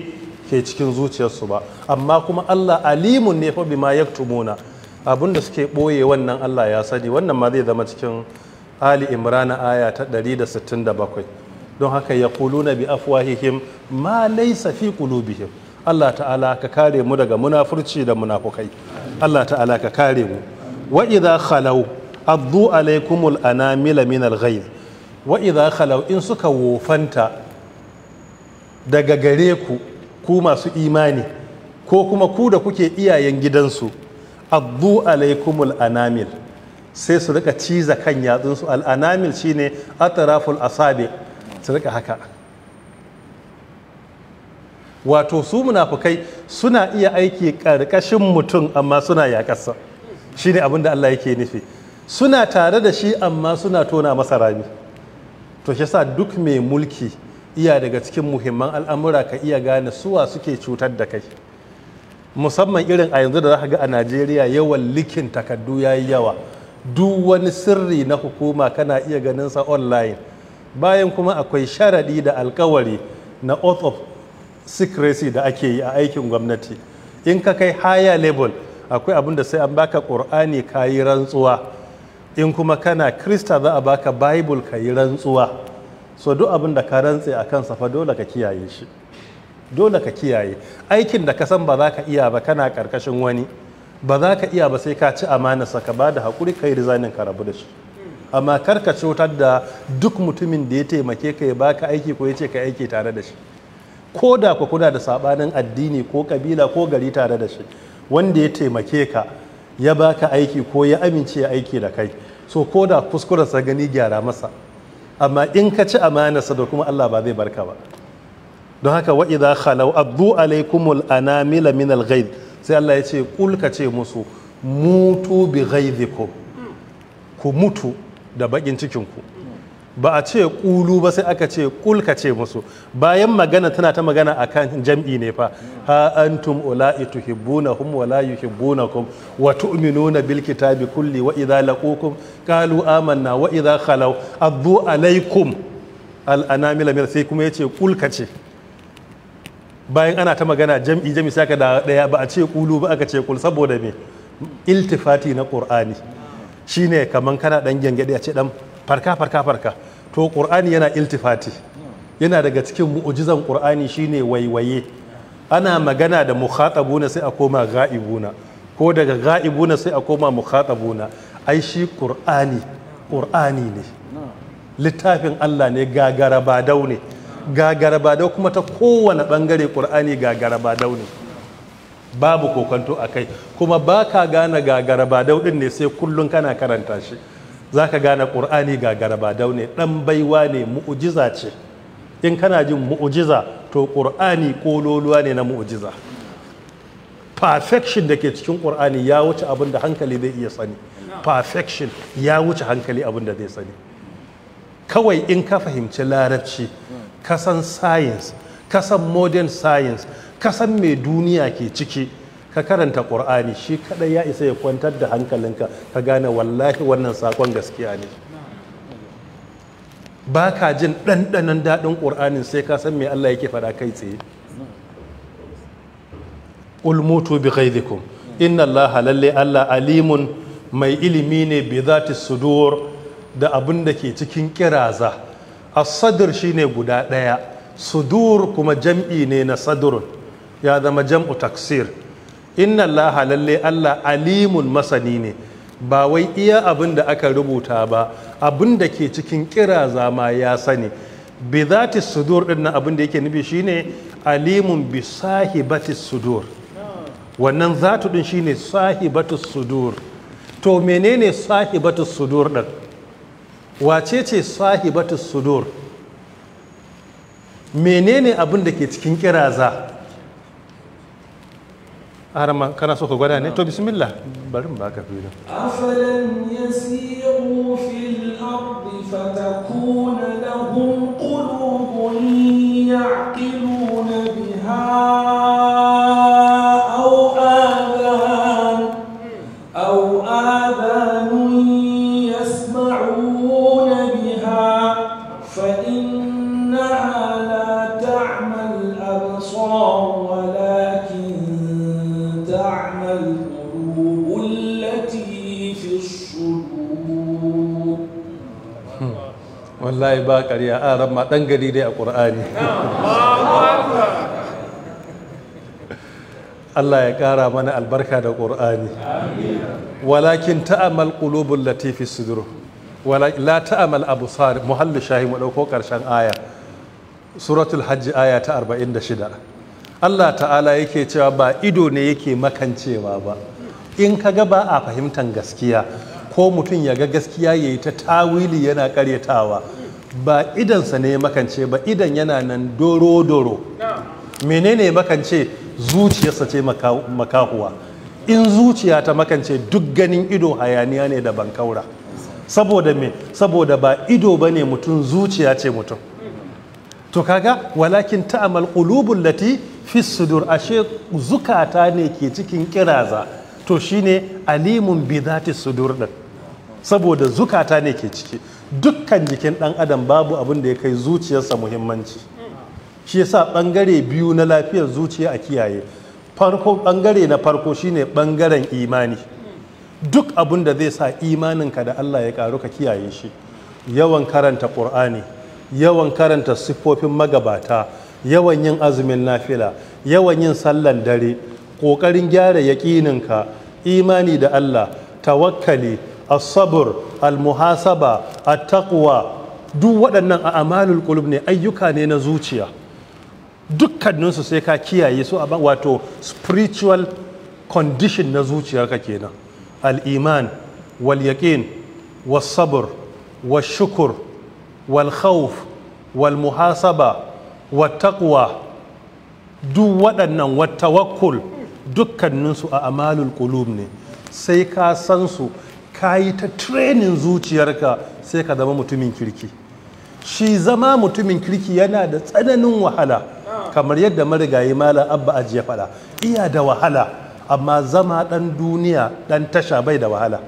ke cikin zuciyarsu ba amma kuma Allah alimun ne fa bima tumuna. abin da suke ɓoye wannan Allah ya sani wannan ma zai zama cikin Ali imrana aya ta 167 don haka ya na bi afwahihim ma laisa fi kulubihim Allah ta'ala ka kare mu daga munafurci da munafukai Allah ta'ala ka kare mu wa idha khalau addu alaikumul anamila min al-ghayr wa idza in suka wofanta daga gare ku ku masu imani ko kuma ku da kuke iyayen gidansu addu alaikumul anamil sai su rika ciza kan yatsunsu al'anamil shine atraful asabi su rika haka wato su munafukai suna iya aiki ƙarƙashin mutum amma suna yakarsa shine abin da Allah yake nufi suna tare da shi amma suna tona masa rami to shi sa duk mai mulki iya daga cikin muhimman al'amura ka iya gane suwa suke cutar da kai musamman irin a yanzu da za ga a najeriya yawan likin takardu ya yi yawa duk wani sirri na hukuma kana iya ganin sa online bayan kuma akwai sharaɗi da alkawari na oath of secrecy da ake yi a aikin gwamnati in ka kai higher level akwai abin da sai an baka ƙur'ani kayi rantsuwa in kuma kana krista za a baka bible ka yi rantsuwa so duk abin da ka rantse a kansa fa dole ka kiyaye shi dole ka kiyaye aikin da ka san ba za ka iya ba kana karkashin wani ba za ka iya ba sai ka ci sa ka ba da haƙuri ka yi rizanin ka rabu da shi amma kar ka cutar da duk mutumin da ya taimake ka ya baka aiki ko ya ce ka aiki tare da shi ko da ku kuna da sabanin addini ko kabila ko gari tare da shi wanda ya taimake ka ya baka aiki ko ya amince ya aiki da kai so ko da kuskure sa gani gyara masa amma in ka ci amanarsa da kuma Allah ba zai barka ba don haka wa idza khalaw addu alaikumul anamila min alghayb sai Allah ya ce kul ka ce musu mutu bi ghaizikum ku mutu da bakin cikin ku ba a ce ƙulu ba sai aka ce kulka ce musu bayan magana tana ta magana a kan jam'i ne fa ha antum ula'i tuhibbunahum wa la yuhibbunakum wa tu'minuna bil kitabi kulli wa idza laqukum qalu amanna wa idza khalaw addu alaikum al anamil sai kuma yace ƙul ce bayan ana ta magana jam'i jam'i sai aka da daya ba a ce kulu ba aka ce kul saboda me iltifati na qur'ani shine kaman kana dan gyangyaɗe a ce dan farka farka farka to qur'ani yana iltifati yana daga cikin mu'ujizan qur'ani shine waiwaye ana magana da mukhatabuna sai a koma ga'ibuna ko daga ga'ibuna sai a koma mukhatabuna ai shi qur'ani qur'ani ne littafin Allah ne gagara dau ne gagara dau kuma ta kowane bangare qur'ani gagara dau ne babu kokonto akai kuma baka gane gagara dau din ne sai kullun kana karanta shi za ka gane ƙur'ani ga garaba daune ɗan baiwa ne mu'ujiza ce in kana jin mu'ujiza to ƙur'ani ƙololuwa ne na mu'ujiza perfection da ke cikin ƙur'ani ya wuce abin da hankali zai iya sani perfection ya wuce hankali abin da zai sani kawai in ka fahimci larabci kasan san science ka modern science kasan san mai duniya ke ciki ka karanta ƙur'ani shi kaɗai ya isa ya kwantar da hankalinka ka gane wallahi wannan sakon gaskiya ne ba ka jin ɗanɗanon daɗin ƙur'anin sai ka san me Allah yake faɗa kai tsaye ulmutu bi ghaizikum inna Allah lalle Allah alimun mai ilimi ne bi zati sudur da abin da ke cikin kiraza as-sadr shine guda ɗaya sudur kuma jam'i ne na sadrun ya zama jam'u taksir inna allaha lalle allah alimun masani ne ba wai iya abin da aka rubuta ba abin da ke cikin kiraza ma ya sani bi zati sudur din nan abin da yake nufi shine alimun bi sahibati sudur wannan zatu din shine sahibatu sudur to menene sahibatu sudur din wace ce sahibatu sudur menene abin da ke cikin kiraza harama kana so ka gwada ne to bismillah bari mu baka filin afalam yasiru fil ardi fatakuna lahum qulubun ya'qiluna biha تستعمى القلوب التي في الصدور ƙarya باكر ah, يا ɗan gari تنقلي a القرآن Allah ya ƙara mana albarka da ƙur'ani walakin ta'amal ƙulubun latifi sudur wala la ta'amal absar muhallu shahi mu ɗauko ƙarshen aya suratul hajji aya ta 46 Allah ta'ala yake cewa ba ido ne yake makancewa ba in ka ga ba a fahimtar gaskiya ko mutum ya ga gaskiya ya yi ta tawili yana karyatawa ba idansa ne makance ba idan yana nan doro-doro menene makance zuciyarsa ce makahuwa in zuciya ta makance duk ganin ido hayaniya ne da bankaura saboda saboda ba ido ba ne mutum zuciya ce mutum to kaga walakin ta'amal qulubul lati fi sudur ashe zukata ne ke cikin kiraza to shine alimun bi zati sudur din saboda zukata ne ke ciki dukkan jikin dan adam babu abin da ya kai zuciyarsa muhimmanci shi yasa bangare biyu na lafiyar zuciya a kiyaye farko bangare na farko shine bangaren imani duk abin da zai sa imaninka da Allah ya karu ka kiyaye shi yawan karanta qur'ani yawan karanta siffofin magabata yawan yin azumin nafila yawan yin sallan dare ƙoƙarin gyara yaƙininka imani da Allah tawakkali as-sabr al-muhasaba at-taqwa duk waɗannan a amalul qulub ne ayyuka ne na zuciya dukkaninsu sai ka kiyaye su a wato spiritual condition na zuciyarka kenan al-iman wal yaqin wa sabr was-shukr walkhawf walmuhasaba wattaqwa duk waɗannan wakul dukkaninsu a amalul qulub ne sai ka san su ka yi ta trenin zuciyarka sai ka zama mutumin kirki shi zama mutumin kirki yana da tsananin wahala kamar yadda marigayi malam abba ajiye faɗa iya da wahala amma zama ɗan duniya ɗan tasha bai da wahala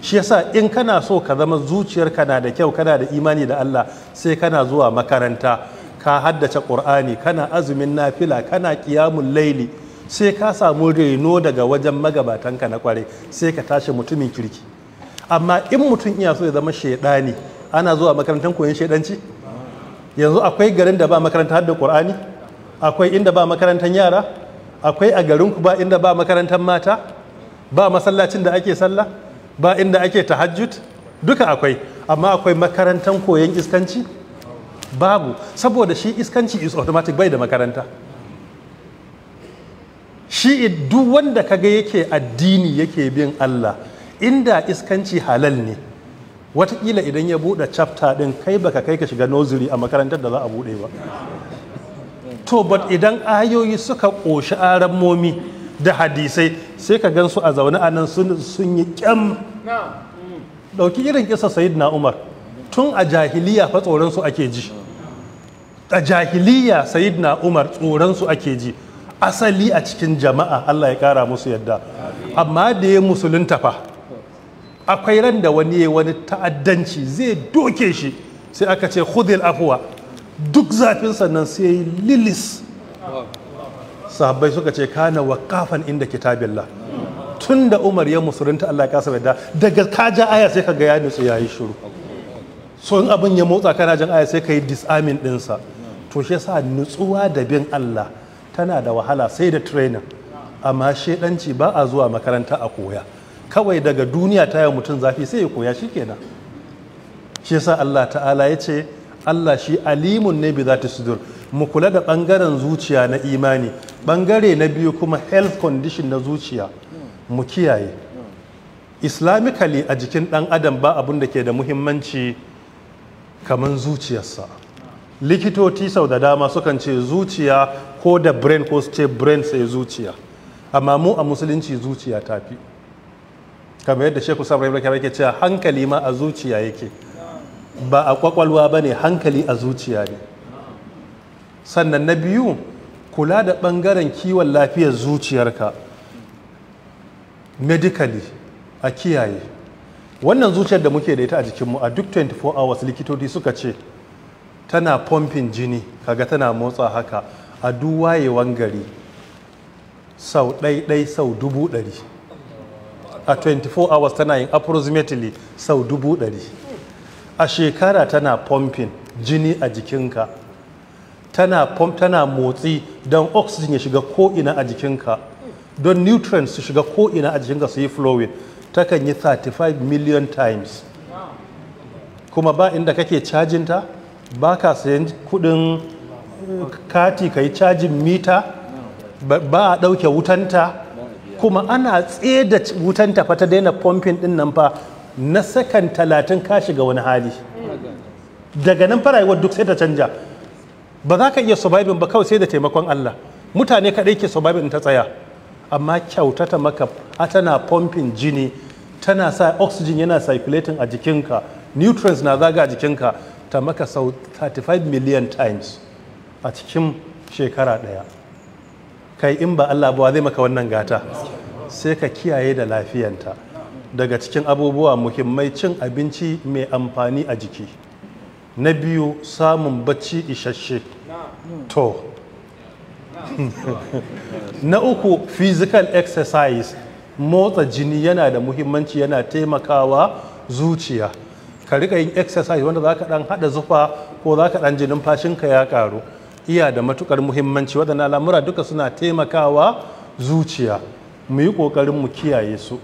shi yasa in kana so ka zama zuciyarka na da kyau kana da imani da Allah sai kana zuwa makaranta ka haddace Qur'ani kana azumin nafila kana ƙiyamun laili sai ka samu reno daga wajen magabatanka na kware sai ka tashi mutumin kirki amma in mutum iya so ya zama shaidani ana zuwa makarantar koyon shaidanci yanzu akwai garin da ba makaranta hadda Qur'ani akwai inda ba makarantar yara akwai a garinku ba inda ba makarantar mata ba masallacin da ake sallah ba inda ake ta tahajjud duka akwai amma akwai makarantar koyon iskanci babu saboda shi iskanci is automatic bai da makaranta shi duk wanda kaga yake addini yake bin Allah inda iskanci halal ne watakila idan ya bude chapter din kai baka kai ka shiga nursery a makarantar da za a buɗe ba to but idan ayoyi suka koshi aran da hadisai sai ka gan su a zaune a nan sun yi kyam dauki irin kisa sayid na umar tun a jahiliya fa tsoron ake ji a jahiliya sayid na umar tsoron ake ji asali a cikin jama'a allah ya kara musu yadda amma da ya musulunta fa akwai ran da wani ya wani ta'addanci zai doke shi sai aka ce khudil afuwa duk zafin sannan sai lilis sahabbai suka ce kana kafan inda kitabillah tun da umar ya musulunta Allah ya kasa da daga kaja aya sai ka ga ya nutsu ya yi shiru so in abin ya motsa kana jan aya sai ka yi disamin dinsa. to shi sa nutsuwa da bin Allah tana da wahala sai da training amma shedanci ba a zuwa makaranta a koya kawai daga duniya ta yi mutum zafi sai ya koya shi kenan shi sa Allah ta'ala ya ce Allah shi alimun ne bi ta sudur mu kula da ɓangaren zuciya na imani ɓangare na biyu kuma health condition na zuciya mu kiyaye islamically a jikin ɗan adam ba abin da ke da muhimmanci kamar zuciyarsa likitoci sau da dama sukan ce zuciya ko da brain ko su ce brain sai zuciya amma mu a musulunci zuciya ta fi kamar yadda shekku sabra ibrahim yake cewa hankali ma a zuciya yake ba a kwakwalwa ba ne hankali a zuciya ne sannan na biyu kula da ɓangaren kiwon lafiyar zuciyarka medically a kiyaye wannan zuciyar da muke da ita a jikinmu a duk 24 hours likitoci suka ce tana pumping jini kaga tana motsa haka a duk wayewan gari sau ɗaiɗai sau dubu ɗari a 24 hours tana yin approximately sau dubu ɗari a shekara tana pumping jini a jikinka tana pom tana motsi don oxygen ya shiga ko'ina a jikinka don nutrients su shiga ko'ina a jikinka su yi flowing takan yi 35 million times kuma ba inda kake cajinta ba ka sayan kudin kati ka yi cajin mita ba a ɗauke wutanta kuma ana tseda wutanta fa ta daina pumping din nan fa na sakan talatin ka shiga wani hali daga nan farayewar duk sai ta canja ba za ka iya surviving ba kawai sai da taimakon Allah mutane kaɗai ke surviving ta tsaya amma kyauta ta maka a tana pumping jini tana sa oxygen yana circulating a jikinka nutrients na zaga a jikinka ta maka sau 35 million times a cikin shekara ɗaya kai in ba Allah ba zai maka wannan gata sai ka kiyaye da lafiyanta daga cikin abubuwa muhimmai cin abinci mai amfani a jiki na biyu samun bacci isasshe to na uku physical exercise motsa jini yana da muhimmanci yana taimakawa zuciya ka rika yin exercise wanda za ka dan hada zufa ko za ka dan ji numfashinka ya karu iya da matukar muhimmanci waɗannan lamura duka suna taimakawa zuciya mu yi ƙoƙarin mu kiyaye su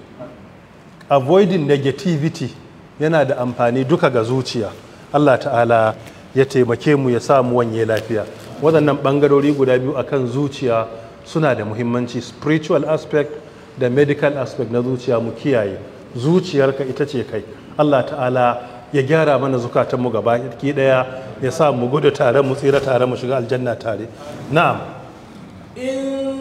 avoiding negativity yana da amfani duka ga zuciya Allah ta'ala ya taimake mu ya samu wanye lafiya waɗannan ɓangarori guda biyu a kan zuciya suna da muhimmanci spiritual aspect da medical aspect na zuciya mu kiyaye zuciyarka ita ce kai Allah ta'ala ya gyara mana zukatanmu gaba ki daya ya sa mu gudu tare mu tsira tare mu shiga aljanna tare na'am in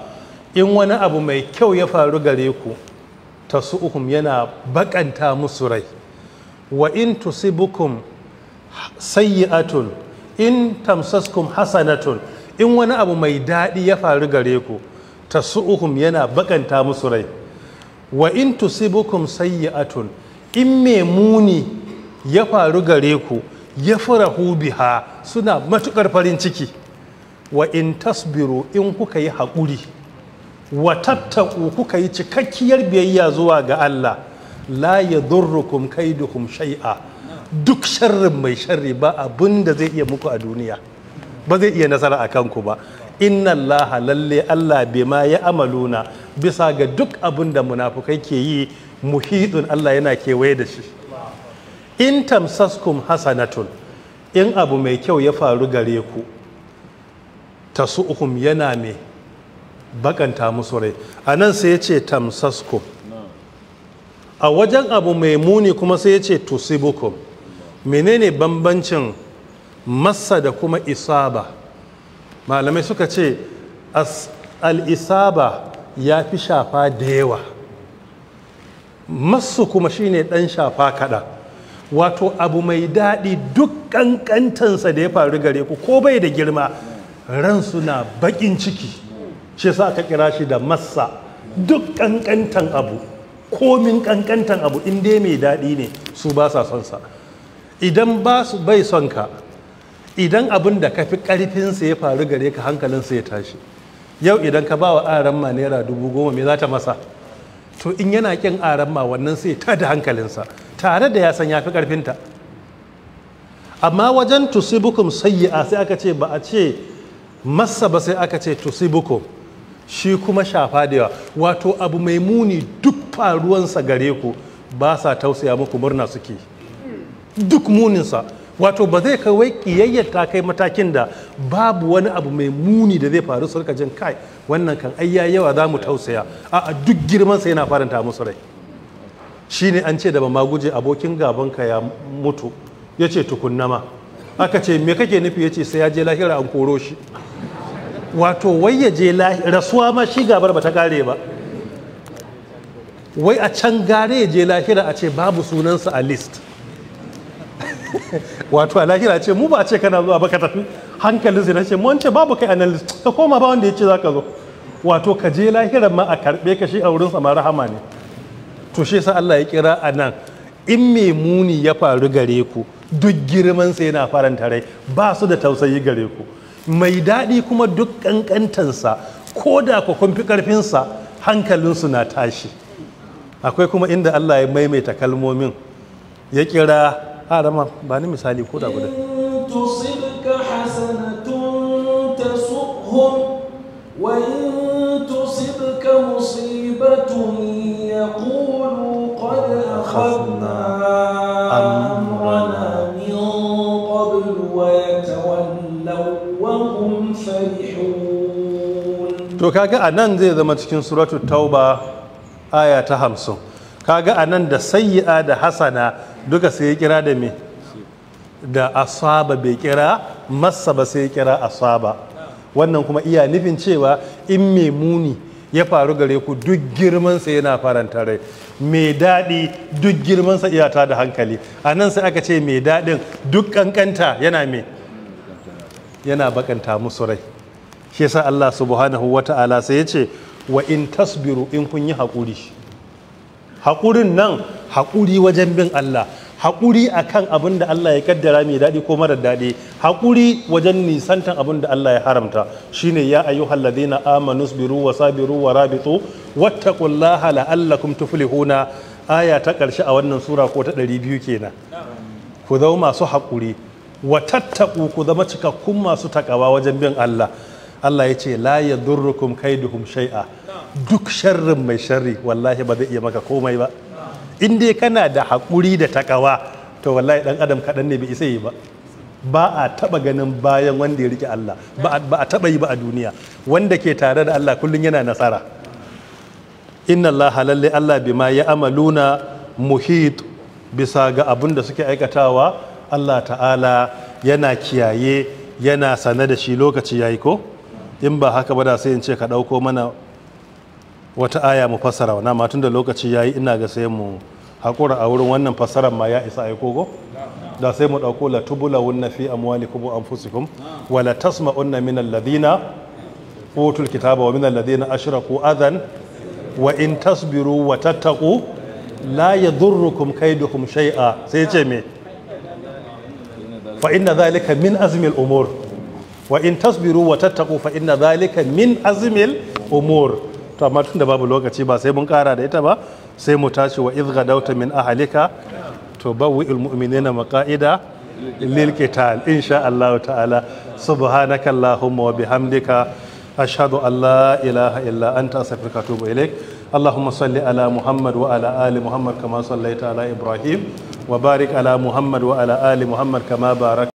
in wani abu mai kyau ya faru gare ku ta su'uhum yana bakanta musu rai wa in tusibukum sayyi'atun in tamsaskum hasanatun in wani abu mai daɗi ya faru gare ku ta su'uhum yana bakanta musu rai wa in tusibukum sayyi'atun in mai muni ya faru gare ku ya farahu biha suna matuƙar farin ciki wa in tasbiru in kuka yi haƙuri wa kuka yi cikakkiyar biyayya zuwa ga Allah la ya durrukum kaiduhum shai'a duk sharrin mai sharri ba abin da zai iya muku a duniya ba zai iya nasara a kanku ba inna allaha lalle Allah bai ma ya amaluna bisa ga duk abin da munafukai ke yi muhidun Allah yana kewaye da shi in tamsaskum hasanatun in abu mai kyau ya faru gare ku tasu'uhum yana mai bakanta musu rai a nan sai ya ce tamsasko a wajen abu mai muni kuma sai ya ce tusibukum menene bambancin massa da kuma isaba malamai suka ce al'isaba isaba ya fi shafa da yawa masu kuma shine dan shafa kada wato abu mai daɗi duk ƙanƙantansa da ya faru gare ku ko bai da girma ransu na baƙin ciki shi sa aka kira shi da massa duk kankantan abu komin kankantan abu in dai mai daɗi ne su ba sa son sa idan ba su bai son ka idan abin da ka fi ƙarfinsa ya faru gare ka hankalinsa ya tashi yau idan ka ba wa aran ma naira dubu goma me za ta masa to in yana kin aran ma wannan sai ta da hankalinsa tare da ya san ya fi ƙarfinta amma wajen tusibukum sayyi'a sai aka ce ba a ce masa ba sai aka ce tusibukum shi kuma shafa da yawa wato abu mai muni duk faruwansa gare ku ba sa tausaya muku murna suke duk muninsa wato ba zai kai wai kiyayyar ta kai matakin da babu wani abu mai muni da zai faru sarka jin kai wannan kan ai yawa za mu tausaya a duk girmansa yana faranta musu rai shine an ce da ba maguje abokin ka ya mutu ya ce tukunnama aka ce me kake nufi ya ce sai ya je lahira an koro shi wato wai ya je rasuwa ma shi gabar ba ta kare ba wai a can gare ya je lahira a ce babu sunansa a list wato a lahira ce mu ba a ce kana zuwa ba ka tafi hankalin zina ce mun ce babu kai a nan list ka koma ba wanda ya ce za ka zo wato ka je lahira ma a karɓe ka shi a wurin ma rahama ne to shi sa Allah ya kira a nan in mai muni ya faru gare ku duk girman sai yana faranta rai ba su da tausayi gare ku mai daɗi kuma duk ƙanƙantansa ko da kwakwan fi ƙarfinsa hankalinsu na tashi akwai kuma inda Allah ya maimaita kalmomin ya kira rama ba ni misali ko da guda to kaga a nan zai zama cikin suratu tauba aya ta hamsin kaga a nan da sayyi'a da hasana duka sai ya kira da me da asaba bai kira masa ba sai ya kira asaba wannan kuma iya nufin cewa in mai muni ya faru gare ku duk girmansa yana faranta rai mai daɗi duk girmansa ta da hankali a nan sai aka ce mai daɗin duk ƙanƙanta yana mai yana bakanta musu rai shi yasa Allah subhanahu wata'ala sai ya ce wa in tasbiru in kun yi haƙuri haƙurin nan haƙuri wajen bin Allah haƙuri akan abin da Allah ya kaddara mai daɗi ko mara daɗi haƙuri wajen nisantan abin da Allah ya haramta shine ya ayu halladina amanu biru wa sabiru wa rabitu wattaqullaha la'allakum tuflihuna aya ta ƙarshe a wannan sura ko ta ɗari biyu kenan ku zama masu haƙuri wa tattaku ku zama cikakkun masu takawa wajen bin Allah Allah ya ce la ya kai duhum shai'a duk sharrin mai sharri wallahi ba zai iya maka komai ba in dai kana da haƙuri da takawa to wallahi dan adam kaɗan ne bai isa yi ba ba a taɓa ganin bayan wanda ya rike Allah ba a taɓa yi ba a duniya wanda ke tare da Allah kullum yana nasara inna Allah halalle Allah ma ya amaluna muhit bisa ga abun da suke aikatawa Allah ta'ala yana kiyaye yana sane da shi lokaci yayi ko in ba haka ba da sai in ce ka ɗauko mana wata aya mu fassara wannan ma tunda lokaci yi ina ga sai mu haƙura a wurin wannan fassarar ma ya isa aiko go da sai mu ɗauko la tubula wunna fi amwalikum an anfusikum wa la tasma'unna min alladhina utul kitaba wa min alladhina ashraku adhan wa in tasbiru wa tattaqu la yadhurrukum kaiduhum shay'a sai ce me fa inna dhalika min azmi al-umur wa in tasbiru wa tattaku fa inna zalika min azmil umur to amma tunda babu lokaci ba sai mun kara da ita ba sai mu tashi wa idh gadawta min ahlika to bawwi'ul mu'minina maqa'ida lil qital insha Allah ta'ala subhanaka allahumma wa bihamdika ashhadu an la ilaha illa anta astaghfiruka wa atubu ilaik اللهم صل على محمد وعلى ال محمد كما صليت على ابراهيم وبارك على محمد وعلى ال محمد كما بارك